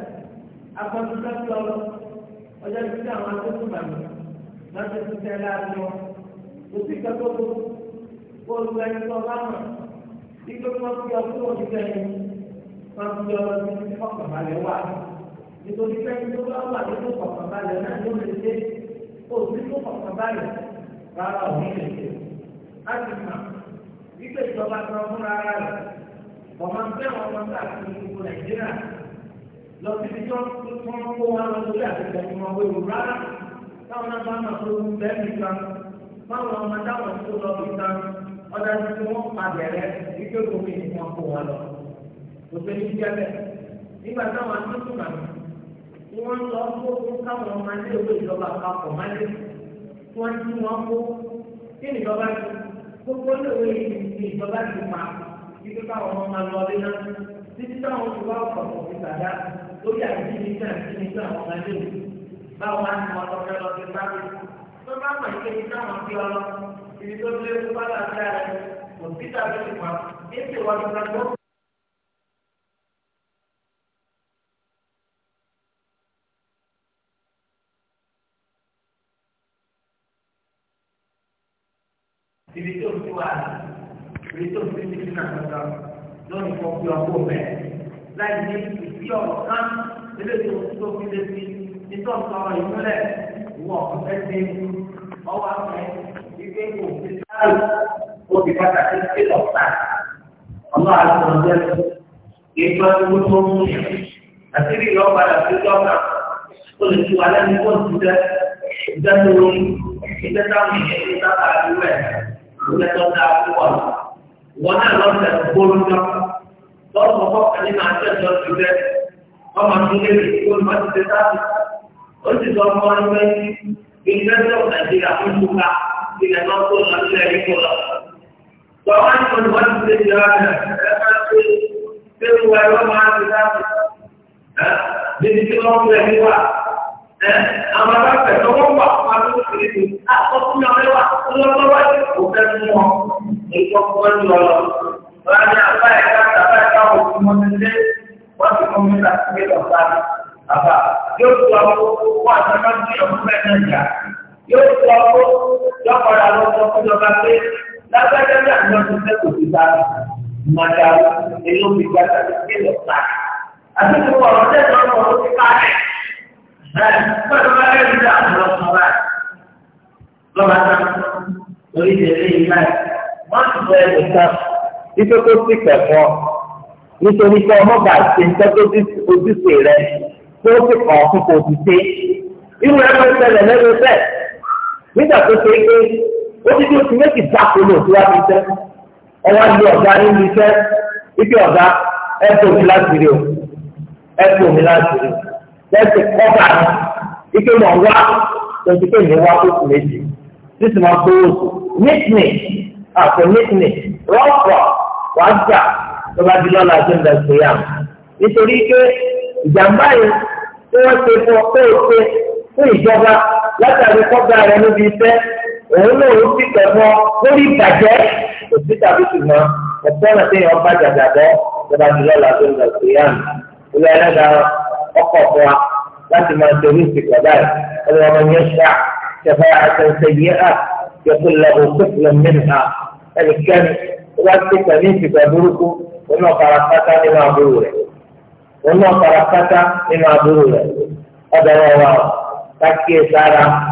akọ́tún lọ́dún lọ́wọ́ ọjọ́ tí àwọn akókò màmí lọ́dún tó tẹ́lẹ̀ àti wọn kò sí ìgbàgbọ́ kó olú ẹni tó bá mọ̀ ikú wọn fi ọdún wọn ti tẹ́lẹ̀ wọn fi ọdún tí ọkàn balẹ̀ wà nítorí pé ẹni tó bá balẹ̀ náà ló lè dé òbí tó ọkàn balẹ̀ rárá òní lè ṣe a ti mọ̀ wípé ìjọba tó ń múra ara rẹ̀ ọmọ ẹgbẹ́ wọn lọ sí àti gbogbo nàìjíríà lọ sí ibi tó ń kó wọn lọ sórí àtẹ̀tẹ̀ tí wọ́n wéwu rárá táwọn náà bá máa tó bẹ́ẹ̀ nìkan báwọn ọmọ táwọn tó lọ nìkan ọjà tí wọ́n pa bẹ̀rẹ̀ wípé omi ni wọ́n kó wọn lọ òfin nígbà táwọn tó tún kàn ní lọ fún káwọn ọmọ ilé ìjọba àpapọ̀ máa lé wọ́n jí wọn kó kí ni ìjọba ti gbogbo lóore ni ìjọba ti pa ibi káwọn ọmọ máa lọ ọdún náà títí táwọn ti wá ọkọ̀ ọ̀pọ̀ ti gbàdá lórí àìsíníṣẹ́ àìsíníṣẹ́ àwọn ọmọ ilé báwọn á ní wọn lọ fẹ́ lọ sí bá mọ̀ ike ní táwọn ti lọ ibi tó lé tó bá lọ sí ààrẹ kò tàbí ìpamọ́ ètò ìwà ìgbàgbọ́. ibi tó ti wà ibi tó ti ti nà lọ́dọ̀ lónìí kan fi ọkọ bẹ̀ láì ní ìdí ọ̀rọ̀ kan eléyìí tó tó fi lé sí nítorí sọ̀rọ̀ ìmúlẹ̀ ìwọ ọ̀fẹ́ ti ọwọ́ afẹ́ ìgbé kò fi sáré ó ti pàtàkì sí lọ́ta ọlọ́ àtúnṣe ìgbà tó tó mú yẹn àti ìrìn ọ̀gbà àti ìjọba ó lè ti wà lẹ́nu kó ti dẹ́ ìdẹ́nu ìdẹ́ta mi ìdẹ́ta àdúrà ẹ̀ ìwé tó dáa púpọ̀ wọn náà lọ sẹ̀ gbólú jọ lọ́rùn kọ́kọ́ kan nínú àti ẹ̀jọ́ ti rẹ̀ wọ́n máa tún léèrè kó ní wọ́n ti ṣe sáà ó sì sọ fún wọn pé ìgbésẹ̀ nàìjíríà ń túká ìgbésẹ̀ náà tó lọ sílẹ̀ yìí kó lọ. Sọ wọ́n ní wọ́n ti wọ́n ti ṣe rẹ̀ ẹ máa ṣe ṣé ìwà ẹ̀rọ máa ń ṣe sáà Bíbi tí wọ́n fẹ́ àwọn aláfẹ́ lọ́wọ́ wà wá lóṣèlú ní àkọ́kúnlẹ̀ ọlẹ́wà ọlọ́wọ́ kò fẹ́ mú ọ ètò ọkùnrin ní ọlọ́ láti àbá ẹ̀ka àbá ẹ̀ka òkú mọ́ nílé wọ́n ti mọ́ mi láti gbé lọ bá àbá yóò tó àwọn owó àtàkọ́jú ọ̀hún bẹ́ẹ̀ náà yá yóò tó àwọn lọ́kọ̀ọ́dà lọ́kọ̀ fún ọba pé lágbájá ní àwọn ọdún fẹ́ kò ti bá màdà èlò ìgbà tàbí gbé lọ bá àti gbogbo ọ̀rọ̀ lọ́ba tán torí tẹ̀lé yìí láì wọ́n ti sọ ẹ̀rù kan títí tó sì kẹ̀kọ́ nítorí pé ọmọ bá ṣe ń tọ́jú ojúṣe rẹ tó sì kàn fún kò fi ṣe irú ẹ̀ ló ṣẹlẹ̀ lẹ́nu bẹ́ẹ̀ nígbà tó ṣe pé ó ti di oṣù méjì dáko lò tó wá fi ṣẹ́ ọwọ́ ilé ọ̀gá nínú iṣẹ́ ibi ọ̀gá ẹ̀ tó mi láti rí o ẹ̀ tó mi láti rí o lẹ́sì kọ́bà ní ike mọ̀ wá lọ́sí pé mi wá kókò méjì títí máa gbówó sùn nítìní àpò nítìní rọ́pọ̀ wá gbà tó bá di lọ́la tó ń bẹ̀ sí yàm nítorí pé ìjàmbá yìí tí wọ́n ṣe fún ọ pé òṣè fún ìjọba látàrí kọ́bà rẹ níbi iṣẹ́ òun náà ó sì kẹ̀mọ́ lórí ìbàjẹ́ òsì tàbí ṣùgbọ́n ẹ̀fọ́ náà ṣe yàn bá jàjà bọ́ tó bá di lọ́la tó ń bẹ̀ sí yàm وقفها لكن ما تريد في كذلك إلا من يشفع شفاعة سيئة يقول له طفلا منها يعني كان وقت من في وما طرقتا لما بروره وما طرقتا لما بروره هذا هو تكي سارة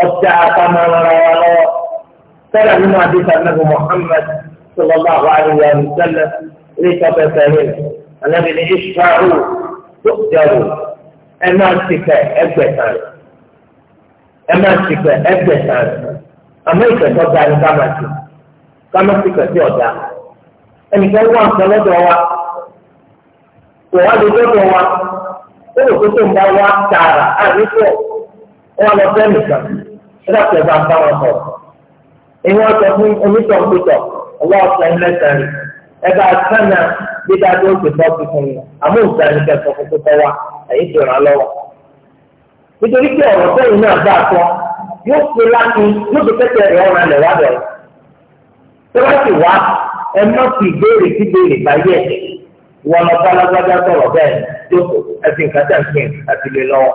أبتع أقام ورواله سارة لما ديت أنه محمد صلى الله عليه وسلم ليس بسهل الذي اشفعوا tó dẹrù ẹ máa ti fẹ ẹgbẹ̀ta rẹ̀ ẹ máa ti fẹ ẹgbẹ̀ta rẹ̀ àmọ́ ìfẹ̀tọ́ da ni ká máa ti ká máa ti fẹ̀ sí ọ̀dà ẹnìkan wà nǹkan lọ́dọ̀ wa kò wá lè lọ́dọ̀ wa ó lè kó tó ń bá wa tààrà àríkọ̀ wọn lọ bẹ́ẹ̀ nìkan ẹ̀dá pẹ̀lú àbá wọn kọ̀ ìwọ́n sọ fún onítọ̀ ọlọ́ọ̀sán lẹ́sàn-án ẹ̀ bá a sàn dídá tó ń pèsè ọ́fíì fún mi àmọ́ òǹkà ní kẹsàn fún pípọ́ wa ẹ̀yìn ti ràn án lọ́wọ́. nítorí pé ọ̀rọ̀ sẹ́yìn náà bá a sọ yóò fi láti yóò fi kẹ́kẹ́ rẹ̀ ọ̀ràn lẹ̀ wá bẹ̀rẹ̀. tó bá sì wá ẹ má fi ìbéèrè sí ìbéèrè báyẹ̀ wọn lọ bá alágbádá sọ̀rọ̀ bẹ́ẹ̀ jókòó ẹ̀sìn kàtà kìn àti lè lọ́wọ́.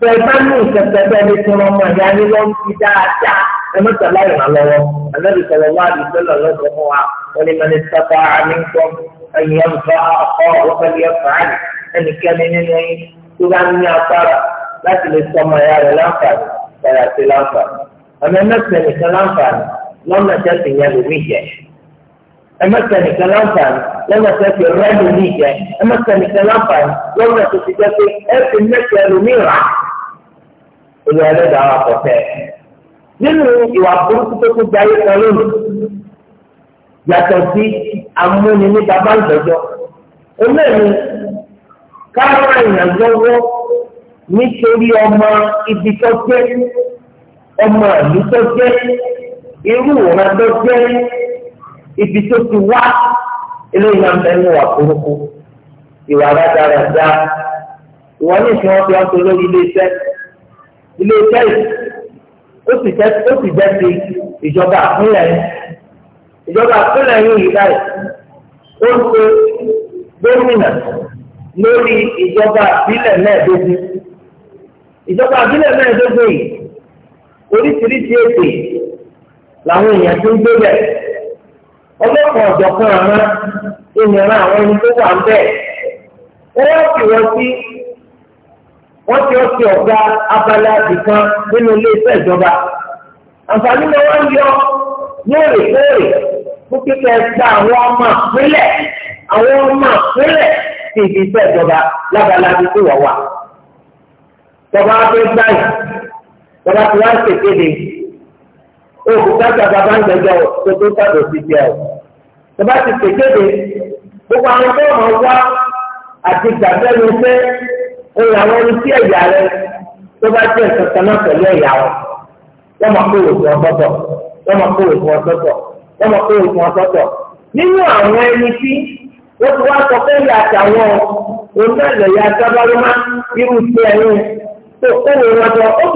tẹ̀ bá ní ìkẹ̀kẹ̀ bẹ́ẹ̀ ẹ má tẹ̀lé àyàn lọ́wọ́ anábì sọ̀rọ̀ wá àdìsẹ́lẹ̀ lọ́sọ̀ fún wa wọ́n ní mẹ́ni sábà àmì ń kọ́ ẹ̀yìn ẹ̀fọ́ ọkọ̀ ọ̀pẹ̀lẹ̀ ẹ̀fọ́ àyè ẹnikẹ́ni nínú yín tó bá ní afárá láti lè sọ ọmọ ẹ̀yà rẹ̀ láǹfààní tẹ̀lé àti láǹfààní ọmọ ẹ̀mẹ́sẹ̀ nìkan láǹfààní lọ́nà tẹ́sí yẹn lómi jẹ ẹ̀mẹ́sẹ̀ nìkan láǹfààní lọ́nà tẹ́sí rẹ́ lómi jẹ ẹ̀mẹ́sẹ̀ nìkan láǹfààní lọ́nà tó ti jẹ́ pé ẹ̀sìn mẹ́sẹ̀ lómi rà olùwàlẹ́dàá wà pọ̀ tẹ́ ẹ̀. nínú ìwà burúkú tó kú jayé kan lónìí yàtọ̀ sí amúni ní bàbá ìgbẹ́jọ́ olóòní káwọn èèyàn lọ́wọ́ nítorí ọmọ ibi tó jẹ́ ọmọ ìlú tó jẹ́ irú ìwòran tó jẹ́ ibi tó ti wá eléyìí náà mẹ́nu wà burúkú ìwà rádaràda ìwọ ní ìfihàn fi ọ́n tó lórí ilé iṣẹ́ ilé iṣẹ́ yìí ó sì jẹ́ ó sì jẹ́ ti ìjọba àpínlẹ̀ yìí ìjọba àpínlẹ̀ yìí yìí báyìí ó ń pe gómìnà lórí ìjọba àpínlẹ̀ mẹ́ẹ̀ẹ́dógún ìjọba àpínlẹ̀ mẹ́ẹ̀ẹ́dógún yìí oríṣiríṣi èdè làwọn èèyàn ti ń gbé bẹ̀ ọlọ́pàá ọ̀jọ̀kan àwọn ènìyàn àwọn ẹni tó wà ń bẹ̀ wọ́n fi wọ́n sí wọ́n ti ọ̀sẹ̀ ọ̀gá abala ìkan nínú iléeṣẹ́ ìjọba. àǹfààní ni wọ́n yọ lóòrèkóòrè fún kíkẹ́ gba àwọn ọmọ àpínlẹ̀ àwọn ọmọ àpínlẹ̀ ti ibi iṣẹ́ ìjọba lábala ibi tó wà wà. tọba fẹ́ gbáyì tọba tí wọ́n ṣe kéde òkú kájà bàbá ń gbẹjọ tó tó sàdọ̀ sí jẹ ọ. tọba ti ṣe kéde gbogbo àwọn tó wà wá àti gbàgbẹ́ ló fẹ́. ó yà wọ́n ní sí ẹ̀yà rẹ tó bá jẹ́ náà pẹ̀lú ẹ̀yà wọn wọ́n máa kó òògùn ọ̀sọ́tọ̀ wọ́n máa kó òògùn ọ̀sọ́tọ̀ wọ́n máa kó òògùn ọ̀sọ́tọ̀ nínú àwọn ẹni tí wọ́n ti wá sọ pé ìyá àtàwọn onílẹ̀ irú ti ẹ̀yìn tó ó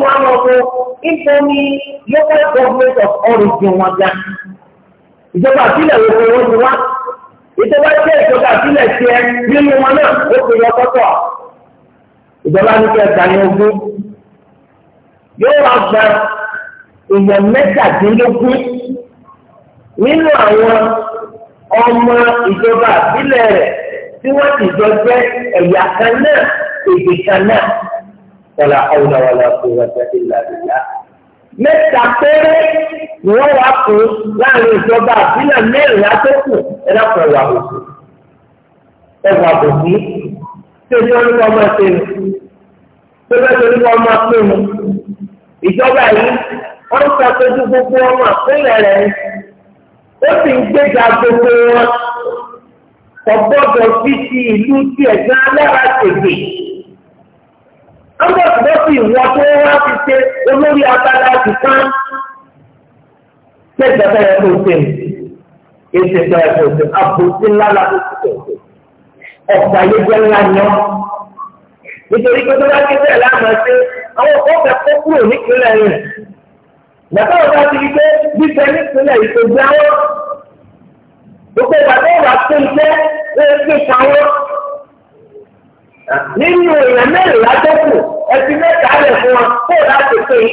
àwọn ní local of origin wọn ìjọba ti wá ìjọba ìjọba tiẹ̀ nínú wọn náà ìjọba ní kí ẹgbàá ní ogún yóò wá gba èèyàn mẹ́tàdínlógún nínú àwọn ọmọ ìjọba àbílẹ̀ rẹ̀ tí wọ́n ti jọ jẹ́ ẹ̀yà kan náà èdè kan náà wala hawla wala quwwata illa billah mẹ́ta péré ni wọ́n wá fún láàrin ìjọba àbílẹ̀ mẹ́rin àtọ́kù ẹ̀dá kan wà òkú ẹ̀wà bòkú ṣé ìjọ nípa ọmọ ẹsẹ nù ṣé bẹ́ẹ̀ ṣe nípa ọmọ ẹsẹ nù ìjọba yìí wọ́n ń ṣàpèjú gbogbo ọmọ àpínlẹ̀ rẹ̀ ó sì ń gbéga gbogbo wọn ọgbọ́dọ̀ fífi ìlú tí ẹ̀gbẹ́ alára tègbè ambọ̀sibọ́sì ìwọ tó wá fi ṣe olórí abala àtìkán ṣé ìjọba yẹ kó ṣe èsì ìjọba yẹ kó ṣe àbòsí ńlá la kó ṣe ọ̀pọ̀ ayéjẹ́ ńlá ni ọ́. nítorí pé tó bá ké bẹ́ẹ̀ láàmú ṣe àwọn ọ̀pọ̀ ọ̀fẹ́ kó kúrò nípínlẹ̀ rẹ̀. bàbá wọn bá ti di pé gbígbẹ nípínlẹ̀ ètò jáwọ́. gbogbo bàbá ìwà tó ń jẹ́ wọ́n ti sáwọ́. nínú èèyàn mẹ́rìnlá tó kù ẹtì mẹ́ta rẹ̀ fún wa kó o láti pè é.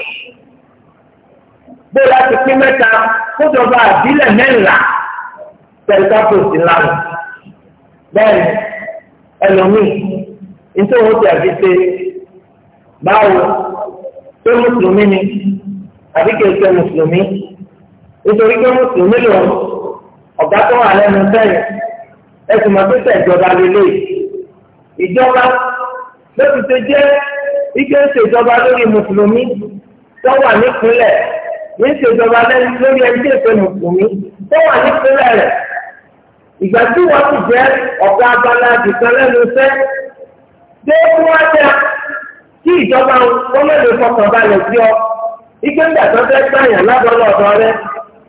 bó o láti pín mẹ́ta kó jọba àbílẹ̀ mẹ́rìnlá pẹ̀lú kápò elomi nítorí wọn ti àfi ṣe báwo ṣé mùsùlùmí ni àbí kìí ṣe mùsùlùmí nítorí pé mùsùlùmí lò ọ̀gá tó wà lẹ́nu sẹ́yìn ẹ̀sùn mọ́tòtò ìjọba lélẹ̀ ìjọba lóbi tó jẹ́ ike ìṣèjọba lórí mùsùlùmí tó wà nípínlẹ̀ ní ìṣèjọba lórí ẹni tí èso mùsùlùmí tó wà ìgbà tí wọ́n ti jẹ́ ọ̀gá abala àdìsán lẹ́nu iṣẹ́ dé fún wa jẹ́ kí ìjọba ọlọ́lẹ̀ fọkàn balẹ̀ sí ọ ike ń gbàtọ́ fẹ́ gbàyàn lábọ́lọ́ ọ̀dọ́ rẹ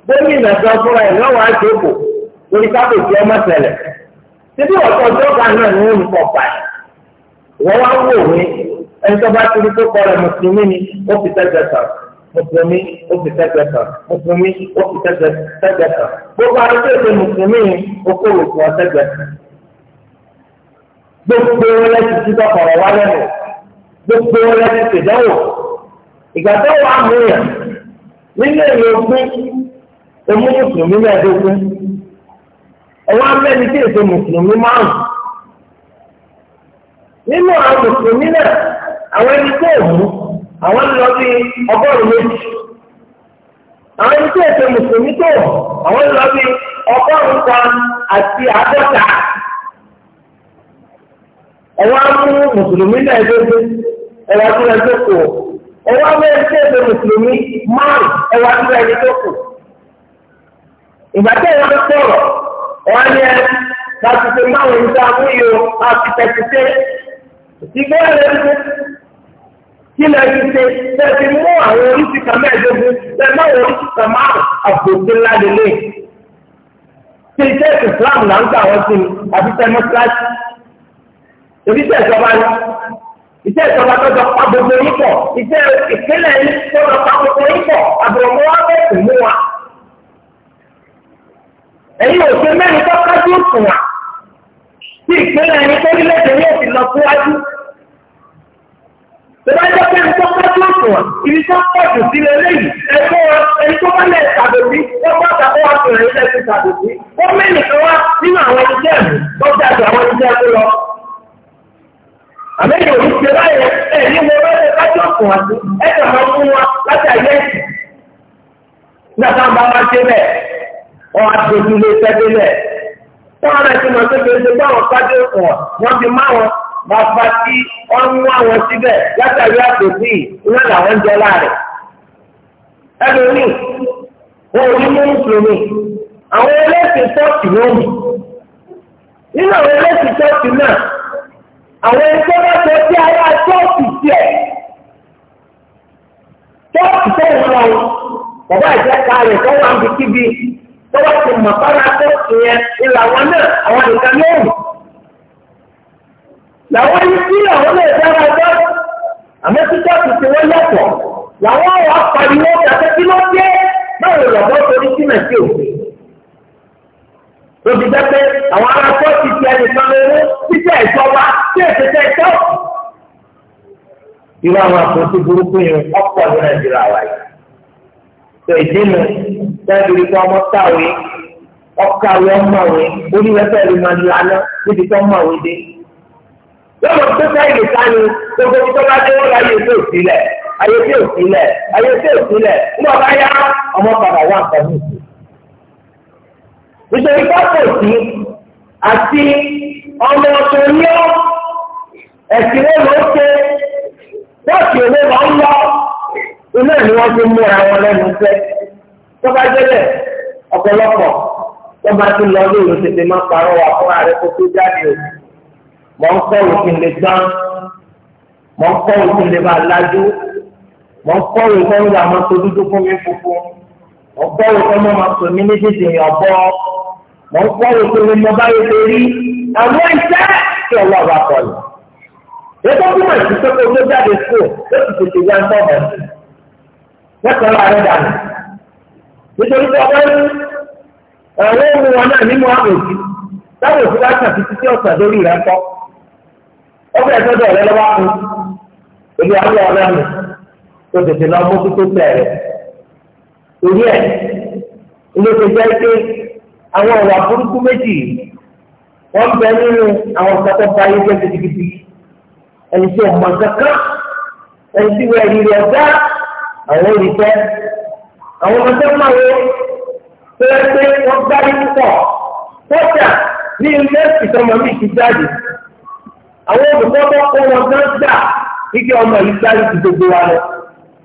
gómìnà sọ fúnra ẹ̀ lọ́wọ́ àjòkò lórí kábòsí ọmọ tẹ̀lẹ̀ síbí ọ̀tọ̀ ọjọ́gà náà ní olùkọ́ pa ẹ̀ wọ́n wá wò wí ẹni tó bá ti rí tó kọ́ rẹ̀ mùsùlùmí ni ó fi tẹ́tẹ́ sọ̀rọ̀ mùsùlùmí ó fi tẹ́gbẹ́ kan mùsùlùmí ó fi tẹ́gbẹ́ kan gbogbo àwọn tó ṣe mùsùlùmí okòwò fún ọ tẹ́gbẹ́ kan gbogbo wọn lẹ́sí títọ́ kọ̀rọ̀ wá lẹ́nu gbogbo wọn lẹ́sí tìdánwò ìgbà tó wà múyàn nínú èyí ogún omú mùsùlùmí mẹ́ẹ̀ẹ́dógún ọwọ́ amẹ́ni tí èso mùsùlùmí márùn nínú àwọn mùsùlùmí náà àwọn ẹni tó mú àwọn ń lọ bí ọgọ́rùn méjì àwọn ẹni tí ètò mùsùlùmí tó àwọn ń lọ bí ọgọ́rùn kan àti àádọ́ta ọwọ́ á mú mùsùlùmí náà ẹgbẹ́ ẹwà tó lọ ẹgbẹ́ kù ọwọ́ á mú ẹni tí ètò mùsùlùmí márùn ẹwà tó lọ ẹgbẹ́ kù ìgbà tí ẹ̀rọ tó sọ̀rọ̀ ọ̀hán ni ẹ láti fi máwọn ìta àmúyọ àti tẹ̀síṣẹ́ ìgbẹ́ rẹ̀ ń kílẹ̀ ti ṣe tẹ̀sí mú àwọn oríṣi kan mẹ́ẹ̀ẹ́dógún tẹ̀sí àwọn oríṣi kan márùn àgbòkè ńlá lélẹ̀. ṣé iṣẹ́ ìsìn Islam là ń gbà wọ́n sí ni àti tẹ̀mọ́ kíláàsì. èmi tẹ̀ ìjọba ni iṣẹ́ ìjọba tọ́jọ́ pa gbogbo yín pọ̀ iṣẹ́ ìpínlẹ̀ yín tọ́jọ́ pa gbogbo yín pọ̀ àbùrọ̀mọ́ wa bẹ̀sì mú wa. ẹ̀yin ò ṣe mẹ́rin tó kájú òṣùwọ̀n tí ìpínlẹ̀ yín tó Bẹ́ẹ̀ bá jẹ́ pé ẹni tó pẹ́ tó sùn wọ̀n, ibi tó pọ̀ jù sílẹ̀ lẹ́yìn, ẹ̀kọ́ wọn, ẹni tó bá lẹ̀ ṣàbẹ̀bí, wọ́n bá ṣàkó wá sọ̀rọ̀ ilẹ̀ ti ṣàbẹ̀bí. Ó mẹ́rin kan wá nínú àwọn ẹni jẹ́ mi, wọ́n ti àjọ àwọn ẹni jẹ́ mi lọ. Àbẹ́yẹ̀ òní ṣe báyẹn, ẹ̀ ní mo bá lẹ̀ kájọ́ sùn wọ́n sí, ẹ̀ kàn máa fún wa láti àyẹ̀ ẹ̀sìn. Nígbà bá wá ṣe bẹ́ẹ̀, wọ́n á dojú lé sẹ́gbẹ́ bẹ́ẹ̀. Wọ́n á rẹ̀ ti mọ̀ pé kí n ṣe báwọn kájọ́ sùn bàbá fa wọ́n ń àwọn síbẹ̀ látàrí àpòtí iná làwọn ń jẹ láàrẹ̀. ẹlòmíì wọn ò ní mú àwọn ẹlẹ́sìn tọ́ọ̀tì ló mú. nínú àwọn ẹlẹ́sìn tọ́ọ̀tì náà àwọn ẹgbẹ́ bá tọ́ sí ará tọ́ọ̀tì tiẹ̀ tọ́ọ̀tì tó ń lọ bàbá ìjẹ́ka rẹ̀ tó wà níbikíbi tó wá ti mọ̀ fara tọ́ọ̀tì yẹn náà àwọn làwọn yìí tí àwọn lè dára dá àmọ́ títà tètè wọ́n yàtọ̀ làwọn àwọn apariwo kàtẹ́ kí ló dé báwo lọ́gbọ́ torí sí nàìjí òkè. Lóbi dẹ́pẹ́ àwọn ará tọ́ọ̀tì ti ẹnìkan lówó títẹ̀ ìjọba tí èsì tẹ̀ tọ́. Irú àwọn àpótí burúkú yẹn ọ̀pọ̀ ní Nàìjíríà wà yìí. Sọ ìdí nu sẹ́ẹ̀dì kí ọmọ táwé ọkàwé ọmọwé oníwẹ̀fẹ́ rí máa lánàá níbi tó ọmọwé dé lọ́wọ́ tó sáyẹ̀lì sáni gbogbo tó bá dé wọ́n láyé tó sílẹ̀ ayé tó sílẹ̀ ayé tó sílẹ̀ ńlọ bá yá ọmọ padà wà nǹkan ní ìsìn. nítorí pápọ̀ sí àti ọmọ tó yọ ẹ̀sìn wọn ló ṣe bọ́ọ̀sì òwe máa ń lọ iná ni wọ́n ti mú ara wọn lẹ́nu fẹ́ tó bá délẹ̀ ọ̀pọ̀lọpọ̀ tó bá ti lọ lóòrùn tètè máa parọ́ wà fún ààrẹ kó tó jáde òkú mọ̀ ń kọ́ òkè lè gbọ́n mọ̀ ń kọ́ òkè lè bá lájú mọ̀ ń kọ́ òkè ń gbà máa tó dúdú fún mi funfun mọ̀ ń kọ́ òkè ń máa tó mi méjèèjì yàn bọ́ mọ̀ ń kọ́ òkè lè mọ báyìí lè rí àwọn iṣẹ́ tí ọlọ́ọ̀bà kọ̀ lọ. ètò túmọ̀ sí pé kó tó jáde kó ó sì tètè wá ń tọ́ mọ̀ sí. lẹ́kọ̀ọ́ láàárẹ̀ dànù nítorí pé ọgbẹ́ ẹ̀rọ ohun wọn náà nínú àbòsí táwọn òṣìṣẹ́ àtàkùn títí ọ̀sán lórí ìrántọ́ ọbẹ̀ ẹ̀sọ́dọ̀ rẹ lọ́wọ́ kú ebi àwọn ọ̀rẹ́ mi tó tètè lọ mú kí tó tẹ̀ rẹ̀ torí ẹ̀ ilé tó jẹ́ pé àwọn ọ̀rọ̀ àbúrúkú méjì wọ́n bẹ nínú àwọn kọ́tọ́ bá yé jẹ́ gidigidi ẹni tí ọmọ kankan ẹni tí wọ́n ẹ̀rí rẹ̀ dá àwọn olùfẹ́ àwọn ọmọdé máa wọ pé wọ́n gbárí púpọ̀ kọ́tà ní ilé ìtọ́mọ̀ mi ti jáde. àwọn olùkọ́ bá kọ́ wọn náà gbà kíkẹ́ ọmọ yìí sáré ti gbogbo wa lọ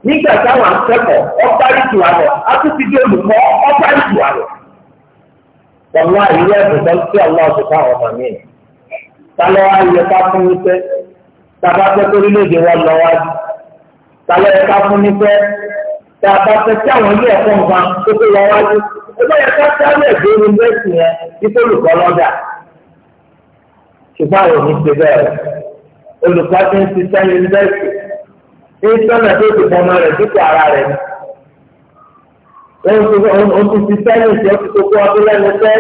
nígbà táwọn akẹ́kọ̀ọ́ ọ̀párí tù wá lọ atúntí di olùkọ́ ọ̀párí tù wá lọ. Wàhálà ìlú ẹ̀bùn tó ń ọmọ fún mi Tàbá fẹ́ lọ wájú. ká fún mi Tàbá fẹ́ tí àwọn ilé ẹ̀kọ́ nǹkan tó tó lọ Ẹgbẹ́ ká ṣùgbọ́n àwọn òní ṣe bẹ́ẹ̀ olùkọ́ ti ń ṣiṣẹ́ yunifásitì ní sọ́nà tó ti pọn ọmọ rẹ̀ dípò ara rẹ̀ ni ó ti ṣiṣẹ́ ní ìṣẹ́ ti kókó ọdún lẹ́nu fẹ́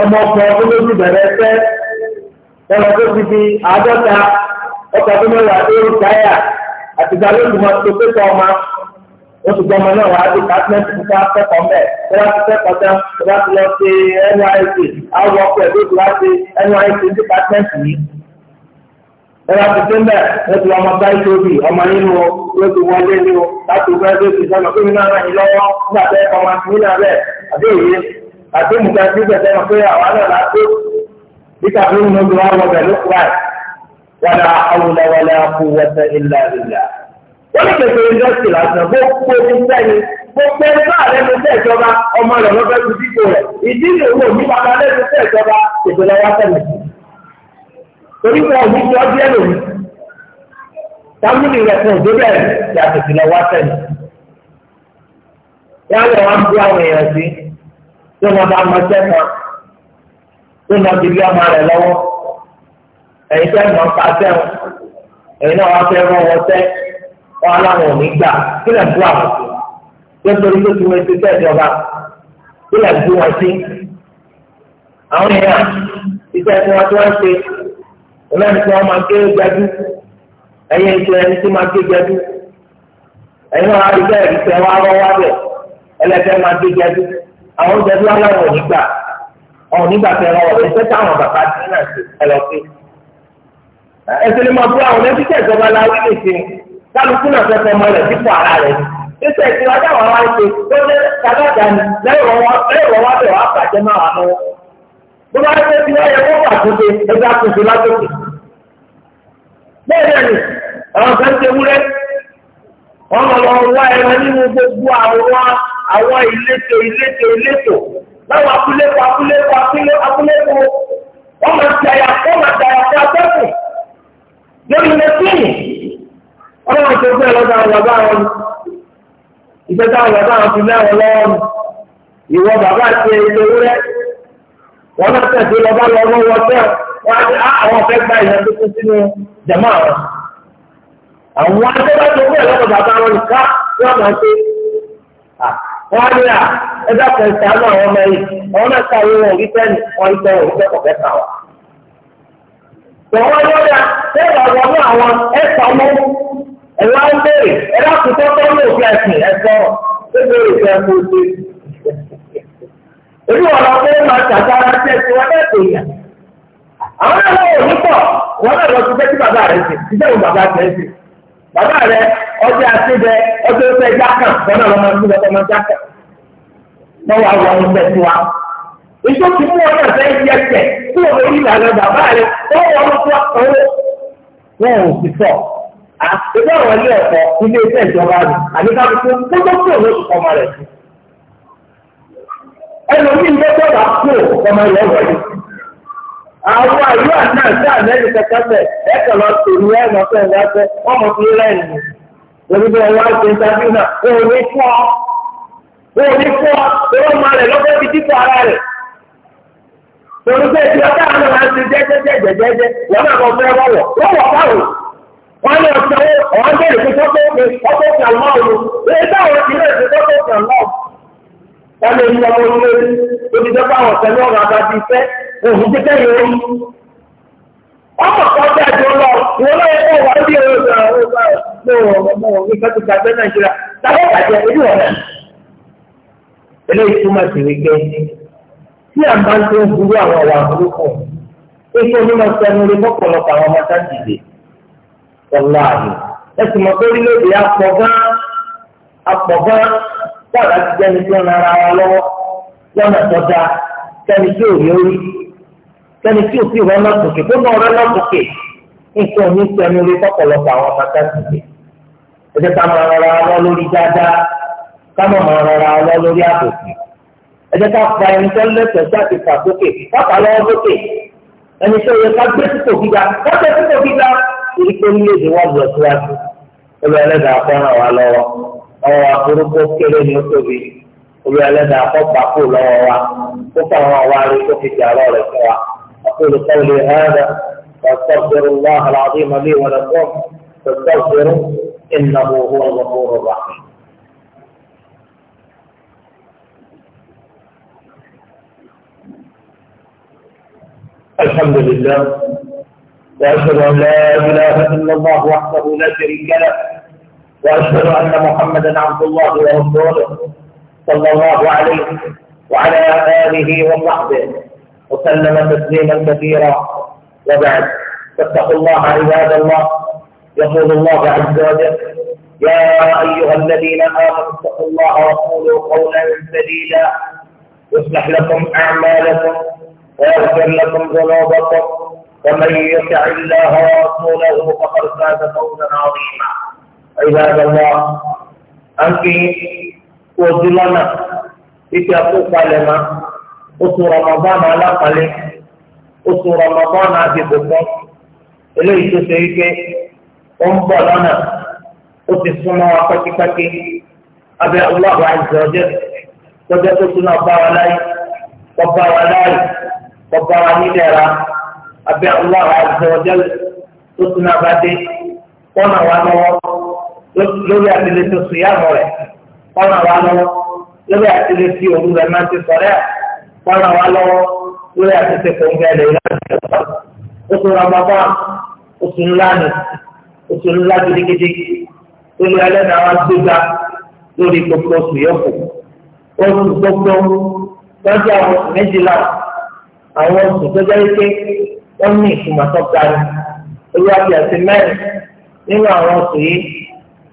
ọmọ ọkọ̀ ọdún ló ti bẹ̀rẹ̀ fẹ́ ẹ̀rọ tó ti di àádọ́ta ọkọ̀ ọdún mẹ́wàá tó ń táyà àtìgbà ló ti mọ wọ́n ti gbọ́ ọmọ náà wá sí kápẹ́ǹtì nípa akẹ́kọ̀ọ́ mẹ́ tó bá ti kẹ́kọ̀ọ́ tán tó bá ti lọ sí NYSC àwọn ọkọ̀ ẹ̀dọ́ tó NYSC ní kápẹ́ǹtì yìí. ẹ bá ti ọmọ báyìí tóbi ọmọ nínú o yóò wọlé ní o láti wọ ẹgbẹ́ ti sọ̀nà fún mi náà náà yìí lọ́wọ́ nígbà tẹ ọmọ àti mi náà àbí òye àti mùtá sí ìgbẹ̀tẹ̀ náà pé àwa náà wọ́n lè pèsè indọ́sítì lásán gbogbo ti sẹ́ni gbogbo ẹgbẹ́ ààrẹ ti sẹ́ ìjọba ọmọ rẹ̀ lọ́fẹ́ ti dìbò rẹ̀ ìdí ìdòwò ní bàbá rẹ̀ ti sẹ́ ìjọba ìjọba wa sẹ́ni. torí pé òun ti ọdún ẹ̀ lòun sámúlì rẹ̀ fún òjò bẹ́ẹ̀ yàtọ̀ sí lọ́wọ́ sẹ́ni. yálẹ̀ wọn bí àwọn èèyàn sí tó wọn bá mọ iṣẹ́ kan tó wọn ti bí ọmọ rẹ̀ lọ́wọ́ ẹ̀yin tẹ́ mọ̀ wọn ò ní gbà kí lè bú àwọn sí lọ́sọ̀rọ̀ tó ti wọ́n ti fẹ́ ìjọba kí lè bú wọn sí. àwọn èèyàn iṣẹ́ tí wọ́n ti wọ́n ṣe ìlànà tí wọ́n máa gé gbajú ẹ̀yẹ ìṣẹ́ ẹni tí máa gé gbajú ẹ̀yin náà wáá iṣẹ́ ìṣẹ́ wa rọ́ bẹ̀ ẹlẹ́fẹ́ máa gé gbajú àwọn oúnjẹ tí wọ́n ò ní gbà ọ̀hún nígbà tẹ̀rọ ọ̀rọ̀ iṣẹ́ táwọn kálukú náà fẹ́ fọmọ rẹ̀ dípò ara rẹ̀ níṣẹ́ ìṣe ọjà wọn wá ṣe tó lé kàdájà ni lẹ́rọ̀ wá bẹ̀ wá bàjẹ́ máa wà lọ́wọ́. bó bá ṣe ti wáyé wọ́n wà ẹgbẹ́ àtúnṣe látòkè. bẹ́ẹ̀ ni àwọn kan ṣe wúrẹ́ wọ́n lọ wá ẹran nínú gbogbo àwọn àwọn ìletò ìletò ìletò láwọn akúlépo akúlépo akúlépo wọ́n máa ti àyàkọ́ máa ti àyàkọ́ ọlọ́run tó fẹ́ lọ́dọ̀ àwọn bàbá wọn ìfẹ́ táwọn bàbá wọn fi mẹ́wọn lọ́wọ́ mi ìwọ bàbá ti ẹ̀yìn ewúrẹ́ wọn náà tẹ̀sí lọ́ba lọ́wọ́ wọ tẹ́ wọn á ah, àwọn fẹ́ gba ìyẹn tuntun sínú jàmá wọn. àwọn akẹ́kọ̀ọ́ tó fẹ́ lọ́dọ̀ bàbá wọn nìka wọn máa ṣe wọn á ní à ẹgbẹ́ kan ṣàánú àwọn ọmọ yìí àwọn náà ká ìwọ̀n orí tẹ́ni wọn ìfẹ́ òwúrẹ́ kọ̀ọ̀kẹ́ kà wá. tọ́wọ́ yọ̀ọ́dà tẹ́lẹ̀ àwọn ọmọ àwọn ẹ̀ka ọmọ ẹ wá ń béèrè ẹ láti tọ́tọ́ ní òfin ẹ̀sìn àwọn wọn náà lọ sí bàbá òun bàbá bàbá jákàn wọn náà lọ máa máa jákàn. wa. ìṣó ti mú àtẹ̀jọ́ ah, àwọn ilé ẹ̀kọ́ ilé iṣẹ́ ìjọba rẹ̀ àníkàkùkù rẹ̀ sí. kú ọmọ rẹ̀ àwọn àmẹ́lì ẹ̀kọ́ lọ sí ìlú fẹ́ lórí bí ṣe ń náà ní ní wọ́n lọ sọ ọ̀hún bẹ̀rẹ̀ pé tọ́tọ́ pé ọ̀tọ́ kan lọ́ọ̀lù èyí táwọn ti rẹ̀ pé tọ́tọ́ kan lọ́ọ̀lù. wọ́n lè ní ọmọ ilé oníṣẹ́ báwọn ọ̀sẹ̀ ní ọ̀rọ̀ àbájú iṣẹ́ òun ti tẹ́yìn orí. ọmọ kan tẹ́ àjọ lọ ìwọ lọ́wọ́ kọ́ wà ní èrò ìgbà òun bá lọ́wọ́ ìfẹ́ Ètò onímọ̀ sẹ́nu lé fọ́pọ̀lọpọ̀ àwọn ọmọ sáà dìde wọláàyè ẹsùn mọ pé orílẹ̀-èdè apọ̀gán apọ̀gán tààrà ti jẹ́ni tó ń ara wa lọ́wọ́ lọ́nà tó dáa kẹ́ni tí ò ní orí kẹ́ni tí ò sí ìwọ́n náà tòkè tó náà rẹ́ náà tòkè nǹkan òní pẹ̀lú orí tọ́pọ̀lọpọ̀ àwọn bàtà tòkè ẹ̀jẹ̀ ká máa rọra wọn lórí dáadáa ká máa rọra wọn lórí àbòkù ẹ̀jẹ̀ ká fa ẹni tó lẹ́sẹ̀ jáde fà sókè ká lọ́wọ́ sókè ẹni tó yẹ ká gbé títò gíga ká gbé títò gíga torí pé orílẹ̀-èdè wọn lọ síwájú olú ẹlẹ́dàá fẹ́ràn wa lọ́wọ́ ọwọ́ àforúkọ kéré ni ó tóbi olú ẹlẹ́dàá kọ́ pàkó lọ́wọ́ wa kó fáwọn àwa rí to fi ọ̀sọ́gbẹ̀rù fún wa أقول قولي هذا وأستغفر الله العظيم لي ولكم فاستغفروا إنه هو الغفور الرحيم الحمد لله وأشهد أن لا إله إلا الله وحده لا شريك له وأشهد أن محمدا عبد الله ورسوله صلى الله عليه وعلى آله وصحبه وسلم تسليما كثيرا وبعد فاتقوا الله عباد الله يقول الله عز وجل يا أيها الذين آمنوا اتقوا الله وقولوا قولا سديدا يصلح لكم أعمالكم ويغفر لكم ذنوبكم ومن يطع الله ورسوله فقد فاز فوزا عظيما عباد الله أنت وظلمة إتقوك لما أسو رمضان على قلب أسو رمضان على بكم إليه تسيك أنبلنا أتسمى وقتكك أبي الله عز وجل وجدتنا باولاي وباولاي وباولاي abẹ́ ọlọ́run àgbọ̀ọ́jẹ́ tó tún náà bá dé kọ́nà wa lọ́wọ́ lórí àtìlẹ́ tó sùn yàmọ̀ rẹ̀ kọ́nà wa lọ́wọ́ lórí àtìlẹ́ tí òun rẹ̀ máa ti sọ̀rẹ́ à kọ́nà wa lọ́wọ́ lórí àtìlẹ́ kòńgẹ́ rẹ̀ lọ́wọ́ oṣù Ramadan oṣù ńlá ni oṣù ńlá gidigidi lórí alẹ́ náà wá gbégbá lórí gbogbo oṣù yòókù oṣù gbogbo lọ́jọ́ àwọn méjìlá àwọn oṣù tó jẹ́ ike wọ́n ní ìtumọ̀ tó ga ni olúwa bí ẹsẹ̀ mẹ́rin nínú àwọn oṣù yìí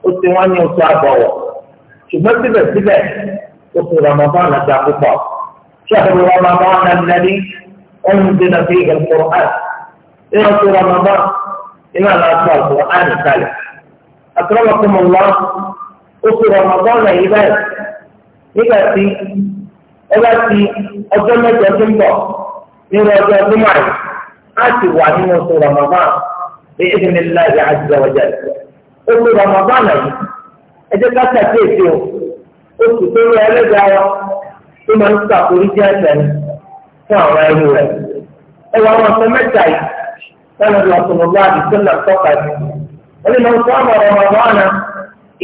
ó ti wọ́n ní oṣù àbọ̀wọ̀ ṣùgbọ́n síbẹ̀síbẹ̀ oṣù ramadan àti àkókò شهر رمضان الذي أنزل فيه القرآن إلى رمضان إلى الأطفال القرآن الثالث أكرمكم الله oṣù rọmọgán náà yìí báyìí nígbà tí ọjọ́ mẹ́jọ tó ń bọ̀ nínú ọjọ́ ọdún márùn-ún láti wà nínú oṣù Ramadan ní ìdíniláàbí àjẹwọjà oṣù Ramadan náà ẹ jẹ́ ká ṣàkíyèsí o oṣù tó rẹ ẹlẹ́dàá wa tó máa ń ṣàforíjì ẹ̀ṣẹ̀ ni fún àwọn ẹrú rẹ̀ ẹ wà wọn sọ mẹ́ta yìí sọ́nà lọ́sọ̀lọ́lá àdìsọ́nà tọ́ka sí wọ́n ní lọ́wọ́ sọ́nà Ramadan náà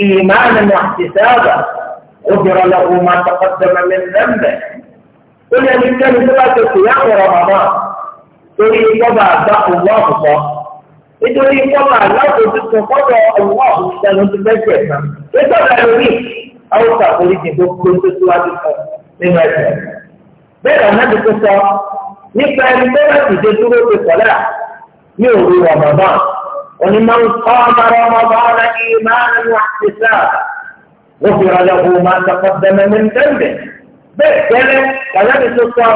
ìmáàlì náà ti sáábà غفر له ما تقدم من ذنبه قل ان كان ثلاثه صيام رمضان torí kọ́ba àgbà òwú ọ̀pọ̀ nítorí kọ́ba àgbà òtútù kọ́ba òwú ọ̀pọ̀ ló ti bẹ́sẹ̀ kan nígbà tó lè rí haúsá oríṣi gbogbo tó síwájú kan nínú ẹ̀sẹ̀. bẹ́ẹ̀ lọ́nà ti tó sọ nípa ẹni tó bá ti dé dúró ti kọ́lá ní òru rọ̀mọ̀bọ̀n òní máa ń kọ́ ọmọ rọ̀mọ̀bọ̀n láti máa ń wá sí sáà wọ́n fi rọ̀lẹ́ kó máa tọkọ dẹ́mẹ́mẹ́ bẹ́ẹ̀ gẹ́lẹ́ kàlẹ́ ti tó sọ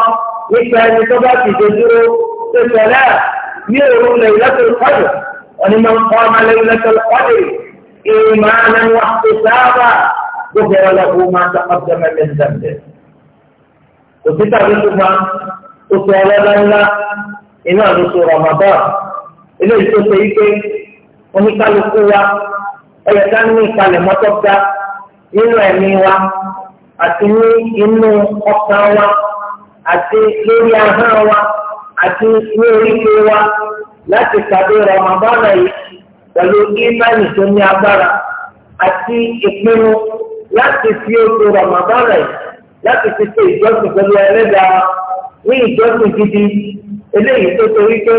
nípa ẹni tó bá ti dé dúró الصلاة يروا ليلة القدر ولمن قام ليلة القدر إيمانا واحتسابا ظهر له ما تقدم من ذنبه وكتا بسوفا وصلى لنا إنا نصور رمضان إلا يسو سيكي ونقال القوة ويكان نقال مطبقة إلا ميوة أتني إنو أقاوة أتني إلي أهاوة àti ní oríṣi wa láti pàdé Ramadan yìí pẹ̀lú ìmánì tó ní agbára àti ìpinnu láti fi oṣù Ramadan yìí láti fi ṣe ìjọsìn pẹ̀lú ẹlẹ́dàá ní ìjọsìn gidi eléyìí tó torí pé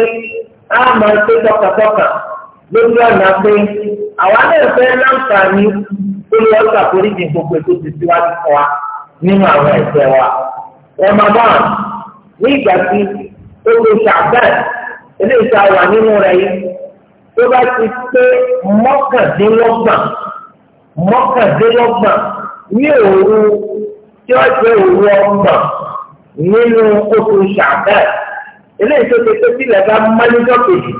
a máa ṣe tọkàtọkà lórí ọ̀nà pé àwa náà fẹ́ láǹfààní olú ọ̀sà gbogbo ètò ti síwájú wa nínú àwọn ẹ̀ṣẹ̀ wa Ramadan ní ìgbà tí oṣù ṣàbẹ́ẹ̀ eléyìí tá a wà nínú rẹ̀ yìí tó bá ti pé mọ́kàndínlọ́gbọ̀n mọ́kàndínlọ́gbọ̀n ní òru tí wọ́n ti òru ọgbọ̀n nínú oṣù ṣàbẹ́ẹ̀ eléyìí tó ti pé sílẹ̀ bá mọ́lẹ́jọ́ kejì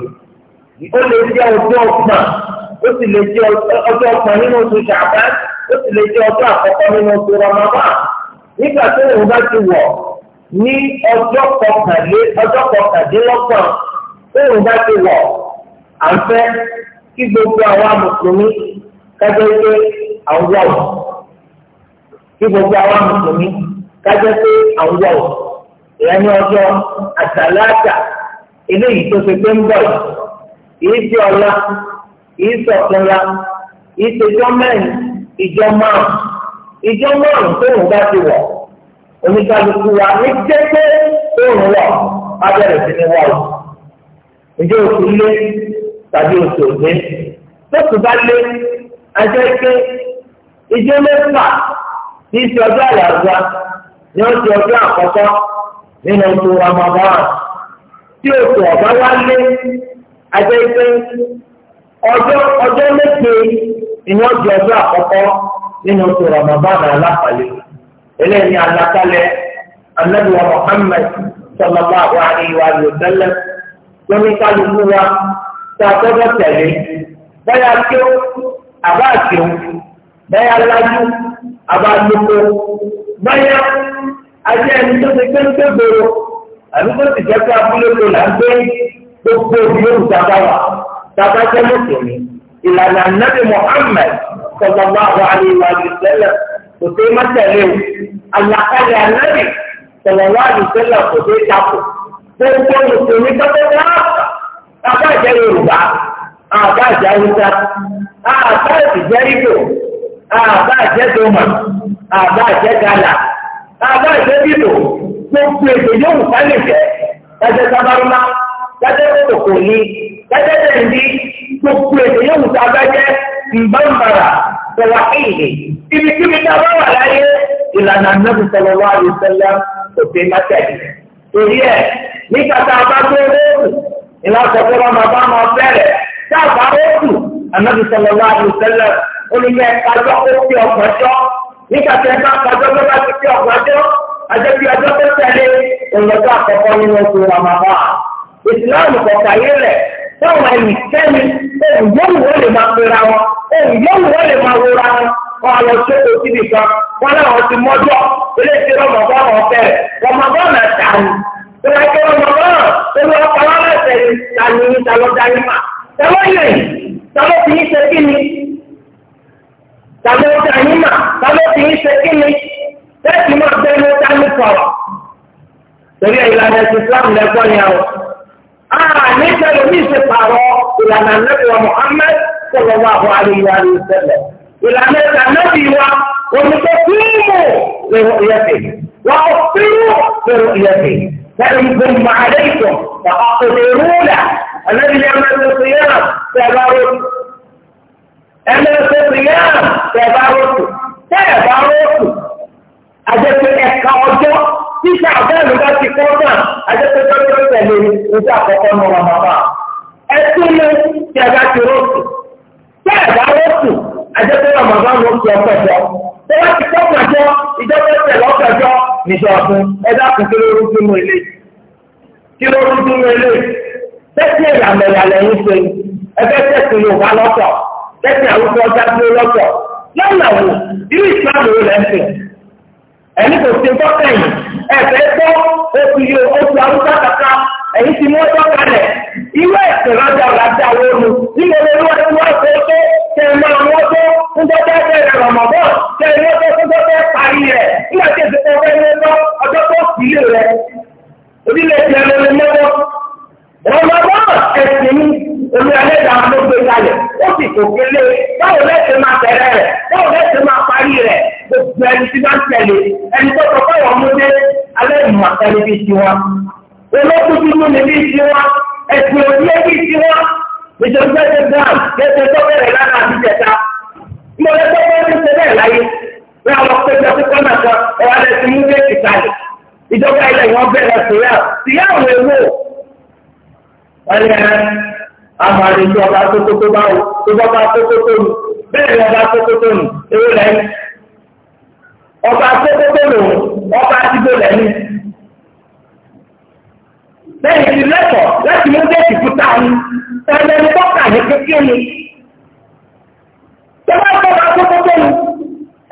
ó lè jẹ́ ọjọ́ ọgbọ̀n ó sì lè jẹ́ ọjọ́ ọgbọ̀n nínú oṣù ṣàbẹ́ẹ̀ ó sì lè jẹ́ ọjọ́ àkọ́kọ́ nínú oṣù rọmọbà nígbà tó òun bá ti wọ̀ ní ọjọ́ kọkànlé ọjọ́ kọkàndínlọ́gbọ̀n tóun bá ti wọ̀ à ń fẹ́ kí gbogbo àwọn amùsùlùmí kájọ́ pé àwọn wọ̀ kí gbogbo àwọn amùsùlùmí kájọ́ pé àwọn wọ̀ ìyẹn ní ọjọ́ àtàlájà eléyìí tó ṣe pé ń bọ̀ yìí ṣe ọ̀la yìí ṣọ̀túnla yìí ṣe jọ́ mẹ́rin ìjọ márùn-ún ìjọ márùn-ún tóun bá ti wọ̀ oníkálukú wa ní jẹ́pẹ́ òun wọ̀ abẹ́rẹ́ sí ni wọ́ọ̀ ìjọ oṣù lé tàbí oṣù òde tókù bá lé ajẹ́ pé ìjọ mẹ́fà ní ti ọjọ́ àyàgbá ní oṣù ọjọ́ àkọ́kọ́ nínú oṣù Ramadan tí oṣù ọ̀gá wá lé ajẹ́ pé ọjọ́ ọjọ́ méje ìní ọjọ́ ọjọ́ àkọ́kọ́ nínú oṣù Ramadan alápàlẹ́ eléyìí alakalẹ̀ anabiwa muhammed sallallahu alayhi wa sallam lórí kálukú wa tá a tọ́jọ́ tẹ̀lé bẹ́ẹ̀ akéw àbá akéw bẹ́ẹ̀ alájú àbá lóko bẹ́ẹ̀ ajé ẹni tó ti kéńté gbòòrò àbí tó ti jẹ́ pé abúlé tó là ń gbé gbogbo ìlú tàbá wa tàbá jẹ́ mùsùlùmí ìlànà anabi muhammed sallallahu alayhi wa sallam kò sí mọ́tẹ̀lé o àlàkalẹ̀ ànábì tẹ̀lẹ̀wá àdùsẹ́lẹ̀ kò sí takò gbogbo mùsùlùmí tọ́tẹ́tẹ́ àpà àbá ìjẹ́ Yorùbá àbá ìjẹ́ Haúsá àbá ìjẹ́ Ìgbò àbá ìjẹ́ Doma àbá ìjẹ́ Gala àbá ìjẹ́ Bìbò gbogbo èdè yóò wù sálẹ̀ jẹ́ ẹ̀jẹ̀ sábàrúmá lẹ́jẹ̀ kòkò ní lẹ́jẹ̀ tẹ̀lé gbogbo èdè yóò wù sábàjẹ́ ìbámbara tẹ̀wá kéèké ibi kíbi tá a bá ìlànà anábì sọlọ́wọ́ àdìsẹ́lá kò ṣe mẹ́tẹ̀ẹ̀dì. torí ẹ̀ nígbà tá a bá tó róòtù ìlà sọ̀tọ́ bá máa bá máa bẹ̀rẹ̀ tá a bá róòtù anábì sọlọ́wọ́ àdìsẹ́lá ó ní yẹ kájọ́ ó fi ọ̀gbọ́n jọ́ nígbà tí ẹ bá kájọ́ bá ti fi ọ̀gbọ́n jọ́ àjẹbí ọjọ́ tó tẹ̀lé òǹlọ́jọ́ àkọ́kọ́ nínú oṣù ramaba ìsìláàmù kọ̀ọ̀kà yìí rẹ̀ táwọn ẹnì kẹ́ni òun yóò wọlé máa pera wọn òun yóò wọlé máa wúra wọn wọn lọ sóko síbi kan wọn làwọn ti mọ́jọ́ eléyìí rọmọbọ́n ọ̀fẹ́ rọmọbọ́n àtàwọn ìwà ìwà rọmọbọ́n olú ọkọ̀ wọn lẹ́sẹ̀ tani talọ́ dání mà tẹ́wọ́ yẹ tọ́lọ́ ti ń ṣe kí ni tàbí ọjà yín mà tọ́lọ́ ti ń ṣe kí ni lẹ́sìn máa bẹ́ẹ̀ ní dání sọ̀rọ̀ torí ìlànà ẹ̀sìn Islam lẹ́gbọ́n yẹn o. ní ìlànà ìtànẹ́bí wa onígbà fíìmù lèrò ìyẹ́fẹ̀ wà á fíìmù lèrò ìyẹ́fẹ̀ lẹ́yìn gbogbo àlẹ́ ìtọ̀ wà á kọ̀dé rúdà àlẹ́bí ni ẹ̀mẹ́ tó fi yára tẹ̀bá rọ̀tù ẹ̀mẹ́ tó fi yára tẹ̀bá rọ̀tù tẹ̀bá rọ̀tù bá ti kọ́ náà àjẹpẹ́ tọ́jú tẹ̀lé ojú àkọ́kọ́ náà wà bàbá ẹ̀ tún mú tẹ̀bá ti rọ̀tù tẹ̀bá rọ̀tù ajẹ́pẹ́ ramadan ló fi ọkọ̀ jọ tó bá ti kọ́kọ̀ jọ ìjọba ẹ̀sẹ̀ lọ́kọ̀ jọ níjọ ọ̀fun ẹ̀dá kò kí ló rú sínú ilé kí ló rú sínú ilé tẹ́sí ìyàmẹ̀yàlẹ̀ ń ṣe ẹgbẹ́ tẹ̀sí yorùbá lọ́tọ̀ tẹ́sí àwùjọ ọjà tó lọ́tọ̀ lọ́nà wo irú ìsìlámù wo lẹ́ ń sìn ẹ̀mí kò sí tọ́kẹ̀yìn ẹ̀fẹ́ tó oṣù yóò oṣù àwùjọ kàkà èyí ti mú ọjọ́ kalẹ̀ irú ẹ̀sìn lọ́jà làjà lóru nígbà olórí wọn ti wọ́n tó tó tẹ ẹ máa wọ́n tó ń tọ́jú ẹgbẹ́ rẹ̀ rọ̀mọ̀bọ̀ tẹ ẹ wọ́n tó ń tọ́jú ẹ parí rẹ̀ nígbà tí èsì tẹ ẹ lọ́ ọjọ́ tó sì lè rẹ̀ orílẹ̀ èdè ẹ lórí mọ́tọ́ rọ̀mọ̀bọ̀ ẹ̀sìn ní omi alẹ́ dà ló gbé kalẹ̀ ó sì kò kélé báwo lẹ́sẹ̀ máa bẹ̀rẹ̀ rẹ̀ báwo lẹ́sẹ̀ máa parí rẹ̀ gbogbo ẹni tí bá ń tẹ̀lé ẹni tó sọ olókùn dúdú ni bí tiwa ẹ̀sìn òbílẹ̀ bí tiwa nítorí pẹ́ẹ́sì brown kẹ́sẹ̀ tó bẹ̀rẹ̀ lára àti jẹta mo lè tó bẹ́ẹ̀ ti ṣe bẹ́ẹ̀ láyé ní àwọn péjọ tó kọ́ náà kan ẹ̀wà lè ti mú déètì kalẹ̀ ìjọba ilẹ̀ wọn bẹ̀rẹ̀ síyà síyà àwọn èwo ẹ̀yẹ amadi ní ọba tótótó báwo tó bá tótótó nù bẹ́ẹ̀ ni ọba tótótó nù ewé lẹ́yìn ọba tótótó nù ọba àtijọ́ lẹ́yìn lẹ́yìn tí lẹ́kọ̀ọ́ láti mú déètì fúta ni ẹ̀rọ ẹni tọ́ka ní kékeré ni. tó bá tó bá tó tó ni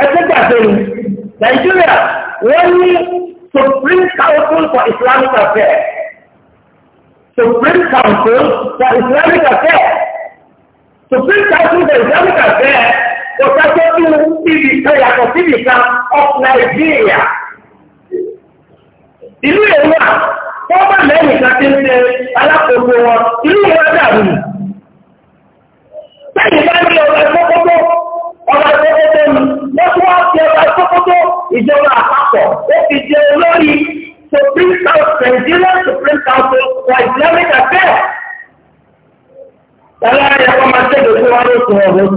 ẹgbẹ́ gbàgbé ni nàìjíríà wọ́n ní supreme council for islamic affairs supreme council for islamic affairs supreme council for islamic affairs kò sáfẹ́ tó ibi kan yàtọ̀ síbi kan of nàìjíríà ìlú èèyàn wọ́n bá lẹ́yìn kan tí ń ṣe alákòóso wọn ìlú ìwọ́n dàrú nù. lẹ́yìn bá ní ọba ìkókótó ọba ìkókótó ni wọ́n tún wá fi ọba ìkókótó ìjọba àpapọ̀ ó fi jẹ olórí supreme council Nigeria supreme council for Islamic affairs. Tàlá yẹ kó máa tẹ̀lé fún wọn lóṣù ọ̀rọ̀.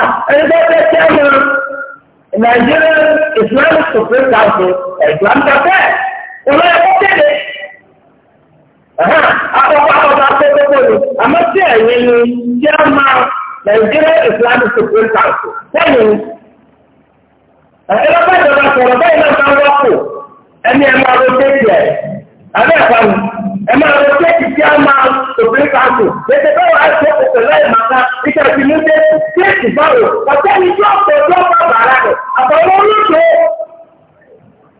Ah, ẹni tó fẹ́ tẹ́ mọ Nigeria Islamic supreme council Islamic affairs. Olóyè kó tẹ̀lé akọ́kọ́ akọ́kọ́ akọ́kọ́ ni àmọ́ tí ẹ̀yin ni tí a máa Nàìjíríà Islamic Supreme Council sẹ́yìn ẹ̀rọ bá ìjọba sọ̀rọ̀ báyìí náà bá wọ́pọ̀ ẹni ẹ̀ máa rotate ẹ̀ abẹ́ ẹ̀fọ́ mi ẹ̀ máa rotate tí a máa Supreme Council lẹ́sẹ̀ bá wàá ṣe òkè láì máa ká ìkàtí mú dé sí èsì báwo ọ̀sẹ́ni tí ọ̀pọ̀ tó bá bàrà rẹ̀ àbọ̀wọ́ olóṣèlú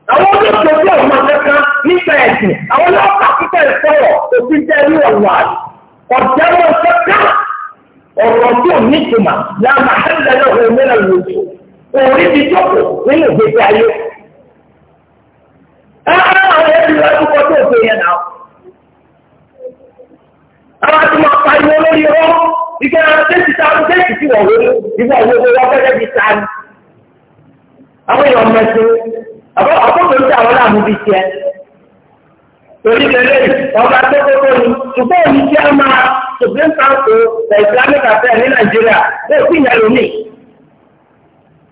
àwọn tó tó tó ọmọ kankan nípa ẹ̀sìn àwọn náà pàṣípẹ̀ sọ̀rọ̀ òfin jẹ́ ní ọ̀wà ọ̀jẹ̀ wọn kankan ọ̀rọ̀ tó nítumà láàmà ẹ̀ńdẹ̀ náà wọ́n mẹ́rin lòdì òrí ti jókòó nínú ìgbésí ayé. ẹ ẹ àwọn ẹbí wa dúpọ̀ tó tó yẹn náà. àwọn àti máa pariwo lórí ọ ìgbà tẹ́sí ta ló tẹ́sí tí wọ́n wọlé ìgbà wọlé wọ́n fẹ́ẹ́ bí ta ni. àwọn èèyàn mẹ́sìn àkókò ń tẹ àwọn láàmú bíi tiẹ̀ torí lẹ́lẹ́ ọba tó kókó ni ṣùgbọ́n òní tí a máa supreme council the islamic affairs ní nàìjíríà bẹ́ẹ̀ sì yẹn lónìí.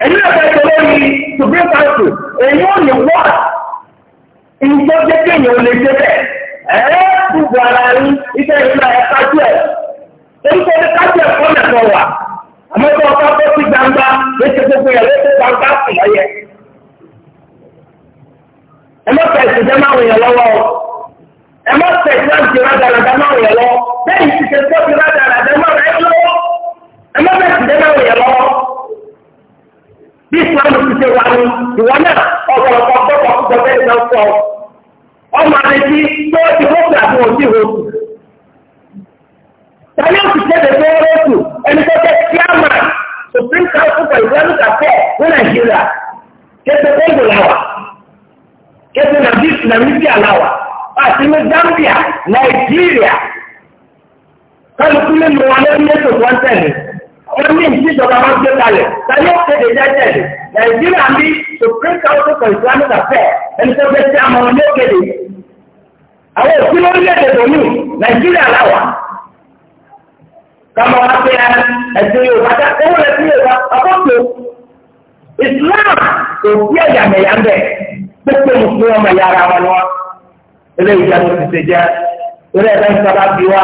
ẹ̀yin náà fẹ́ tẹ̀lé ní supreme council èyí ò ní wá ìjọ jẹ́jẹ́ yẹn ò lè ṣe bẹ́ẹ̀ ẹ̀ẹ́ gbogbo ara rí iṣẹ́ yìí náà ẹ̀ kájú ẹ̀ torí pé ẹ̀ kájú ẹ̀ kọ́ mẹ́tọ̀ wà àmọ́ tó ọba tó ti gbangba lè ṣe gbogbo yẹn lè ṣe gbangba sùn lọ́yẹ̀ ẹ má fẹ́ ìṣẹ̀jẹ̀ máa wọ̀nyẹn lọ́wọ́ ẹ má fẹ́ ìṣẹ̀jẹ̀ ti rádaràdà máa wọ̀nyẹn lọ́wọ́ bẹ́ẹ̀ ìṣẹ̀jẹ̀ tó ti rádaràdà máa wọ̀nyẹn lọ́wọ́ ẹ má fẹ́ ìṣẹ̀jẹ̀ máa wọ̀nyẹn lọ́wọ́ bí ìsìlámù ti ṣe wà ní ìwọ náà ọ̀pọ̀lọpọ̀ gbọ́dọ̀ gbọ́dọ̀ bẹ́ẹ̀ lọ sọ ọmọ rẹ ti tó ti hókè àti òsì hókù tani o ti kéde tó hókù ẹni tó jẹ́ kíámà supreme council for islamic affairs ní nàìjíríà kéde tó ń gbòlá wa kẹ́tù nàmíbíà làwà àti ní Zambia Nàìjíríà kálukú nínú wọn lórí ètò tó ń tẹ̀lé wọn ní ìṣèjọba wọn gbé kalẹ̀ tani ó kéde jẹ́jẹ̀lẹ̀ Nàìjíríà ní Supreme Council for Islamic Affairs ẹni tó fẹ́ sí àmọ́ wọn ní òkèlè àwọn òkú lórílẹ̀-èdè tòmí Nàìjíríà làwà kama wa pe ẹsìn Yorùbá ká owó rẹ̀ sí Yorùbá ọkọ̀ tó Islam kò sí ẹ̀yàmẹ̀yà ń bẹ̀ gbogbo mùsùlùmí ọmọ ìyá ara wọn ni wọn eléyìí jẹ tuntun ṣe jẹ eré ẹgbẹ ń sábà bí wa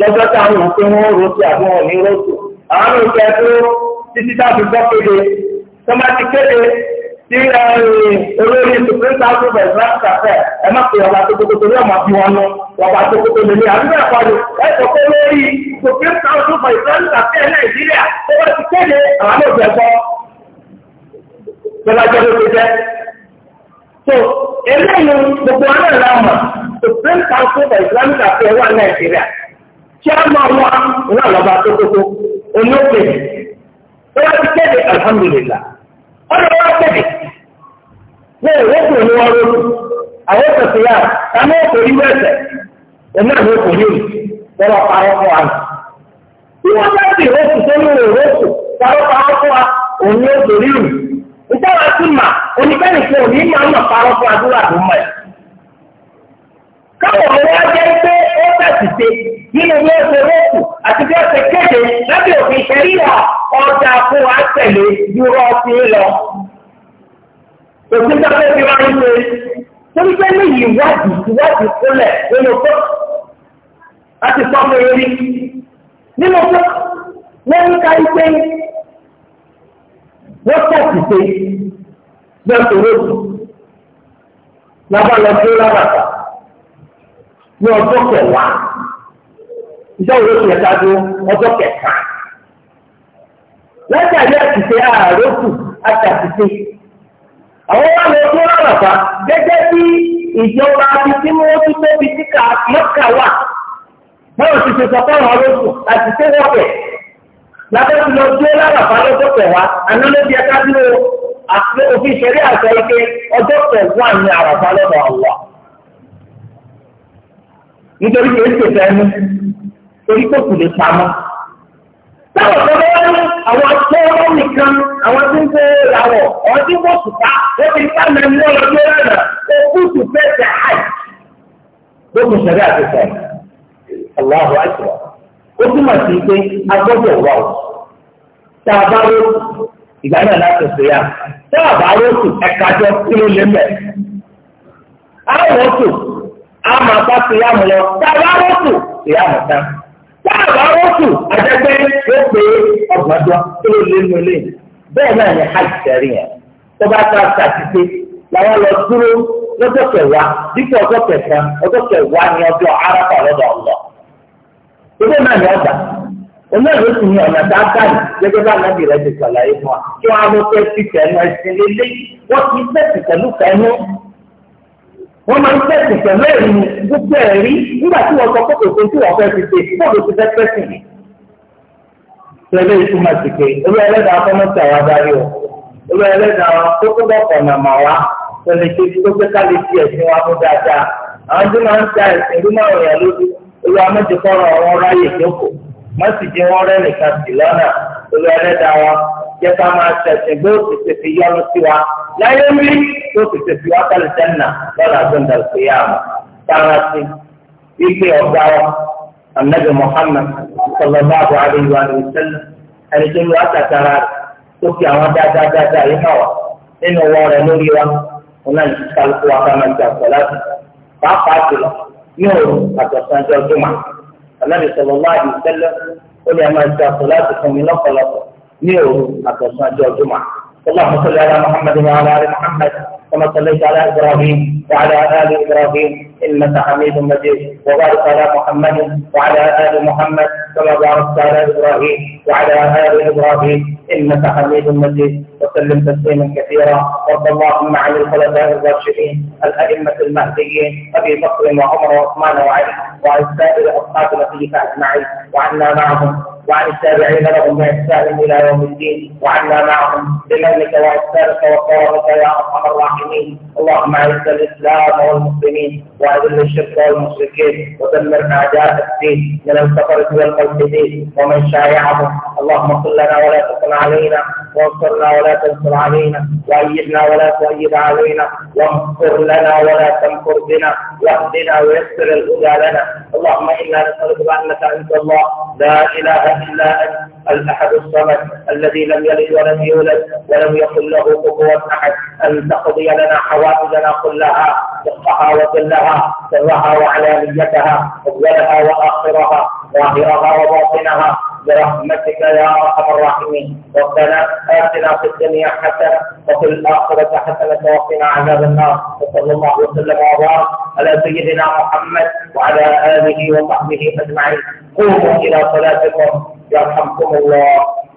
lọ́jọ́ táwọn òfin wọn rọtò àbí wọn ní rọtò àwọn ọmọ ìjẹ tó títí táàbù gbọ́ kéde tọmátì kéde tí olórí supreme council of islam ṣàfẹ ẹ má pè ọba tó kókó torí ọmọ bí wọn lọ ọba tó kókó lórí àdúgbò ẹ̀kọ́ ẹ sọ pé lórí supreme council of islam ṣàfẹ nàìjíríà tọmátì kéde àwọn ọmọ ìjẹ gbọ́ tọmátì kéde so eléyìí gbogbo wa náà lámà supreme council for islamic affairs wà nàìjíríà chairman wa náà lọ́ba tó kókó olóògbé ó wá ti kéde alhamdulillah ọ̀rọ̀ wa kéde ní ìwé kò ní wọn lórí àwọn òṣèlú yà sàmú òkò yí wẹsẹ ẹ̀mí àmì òkò yí mi lọ́wọ́ fún wa. bí wọ́n bá ti ìwé kò tó ní ìwé kò parọ́ parọ́ fún wa òun yóò torí mi ìtawà sí mà oníkẹ́nìkẹ́ òní máa ń parọ́ fún àdúrà tó mọ̀ ẹ́. káwọn ọ̀rẹ́ wa jẹ́ pé ó tẹ̀síte nínú bí ó ṣe rọ́ọ̀kù àti bí ó ṣe kéde lábẹ́ òfin ṣẹ́ríyà ọjà fún wa tẹ̀lé dúró sí lọ. òfin tọ́pẹ́ fi wá ń ṣe torí pé ní ìwádìí ìwádìí kúnlẹ̀ nínú tó láti sọ́mọ eré nínú tó lẹ́yìn ká ń pé wọ́tàkì pé lọ́sọ̀ lóṣù lábàlọ́ lábàtà ní ọjọ́ kẹwàá ìjọ òwúrọ̀ tó yẹta ọjọ́ kẹta látàrí àtìsé àwọn wà lọ lábàtà gẹ́gẹ́ bí ìjọba ti tóbi tí mọ́kà wà ti ṣe sọ fún àwọn lábẹ́ tí lọ dúró láràbá lọ́jọ́ kẹwàá àná ló di ẹ̀ka dúró àti òfin ìṣẹ̀lẹ̀ àṣẹ ike ọjọ́ kẹwàá ní àràbá lọ́dọ̀ àwọ̀. nítorí pé èsì ìfẹ́ mi torí pé kò lè pamọ́. táwọn ọ̀dọ́ bá ní àwọn akẹ́wọ́ nìkan àwọn tí ń kó làwọ̀ ọ̀hún tí wọ́n sùn pa wọ́n ti ká mẹ́rin ní ọlọ́jọ́ lọ́nà òkú sùn tẹ̀ àì. gbogbo ìṣẹ̀lẹ̀ àti ó túmọ̀ sí pé a gbọ́dọ̀ wà ó tá a bá rò ìgbà náà láti ṣe yá tá a bá rò tù ẹ̀ka jọ kí ló lé mẹ́ a rò tù a máa bá ṣe yá mu lọ tá a bá rò tù ṣe yá mu tán tá a bá rò tù àjẹpẹ́ ó pé ọgbọ́n kí ló lé nu lé bẹ́ẹ̀ náà ni hajj tẹ̀rí yẹn tó bá ta ṣàtìpé làwọn lọ dúró lọ́jọ́ kẹwàá dípò ọjọ́ kẹsàn ọjọ́ kẹwàá ni ọjọ́ arábà ọ̀lọ́ owó náà ni ọgbà onáà ló sì ní ọ̀nà tá a gbà ní gẹ́gẹ́ bá nàbì rẹ̀ ti sàlàyé fún wa kí wọ́n á lọ fẹ́ fi tẹ̀nu ẹ̀sìn lélẹ́ wọ́n ti fẹ́ẹ̀sì pẹ̀lú fẹ́nu wọ́n máa ń fẹ́ẹ̀sì pẹ̀lú ẹ̀rí gbogbo ẹ̀rí nígbà tí wọ́n sọ pé kò tó tí wọ́n fẹ́ fi ṣe bọ́ọ̀lù ti fẹ́ fẹ́sì ni. pẹ̀lú ìtumọ̀ sí pé olú ẹlẹ́dàá fọ́nọ́tà wa darí o olú ẹlẹ́dàá tó tó bọ̀ ọ̀nà mà wá pẹ̀lú ìṣèjú tó gbé ká lè fi ẹ̀sìn wa mú dáadáa àwọn tí wọ́n ń ta ẹ̀sìn lúmọ̀ ọ̀rọ̀ lójú olúwa mẹ́tì kọ́ra àwọn ráyè jókòó mọ́sì jẹ́ wọ́n rẹ́ nìkan sí lọ́nà olúwa ẹlẹ́dàá wa jẹ́ ká máa ṣẹ̀ṣẹ̀ gbé òṣìṣẹ́ fi yọnu sí wa láyé ń rí òṣìṣẹ́ fi wá kálí sẹ́nà lọ́nà àgbẹ̀ndà ìpéyà mọ́ sára sí wípé ọ̀gá wa anabi muhammad sallallahu alayhi wa sallam ẹni tó lu àtàtàrà tó fi àwọn dáadáa dáadáa yìí hàn wá nínú wọn rẹ lórí يوم حتى jùmọ̀ الجمعة النبي صلى الله عليه وسلم máa يا من láti صلاتكم من الصلاة ní حتى àtọ̀sánjọ́ الجمعة اللهم صل على محمد وعلى ال محمد كما صليت على ابراهيم وعلى ال ابراهيم انك حميد مجيد وبارك على محمد وعلى ال محمد كما باركت على ابراهيم وعلى ال ابراهيم انك حميد مجيد وسلم تسليما كثيرا وارض اللهم عن الخلفاء الراشدين الائمه المهديين ابي بكر وعمر وعثمان وعلي وعن سائر اصحاب نبيك اجمعين وعنا معهم وعن التابعين لهم بإحسان إلى يوم الدين وعنا معهم بمنك وإحسانك وكرمك يا أرحم الراحمين اللهم أعز الإسلام والمسلمين وأذل الشرك والمشركين ودمر أعداء الدين من الكفرة والملحدين ومن شايعهم اللهم صل لنا ولا تكن علينا وانصرنا ولا تنصر علينا وأيدنا ولا تؤيد علينا واغفر لنا ولا تمكر بنا واهدنا ويسر الهدى لنا اللهم إنا نسألك بأنك أنت الله لا إله الا إلا أنت الأحد الصمد الذي لم يلد ولم يولد ولم يكن له كفوا أحد أن تقضي لنا حوائجنا كلها دقها وجلها سرها وعلانيتها أولها وآخرها ظاهرها وباطنها برحمتك يا ارحم الراحمين ربنا اتنا في الدنيا حسنه وفي الاخره حسنه وقنا عذاب النار وصلى الله وسلم وبارك على سيدنا محمد وعلى اله وصحبه اجمعين قوموا الى صلاتكم يرحمكم الله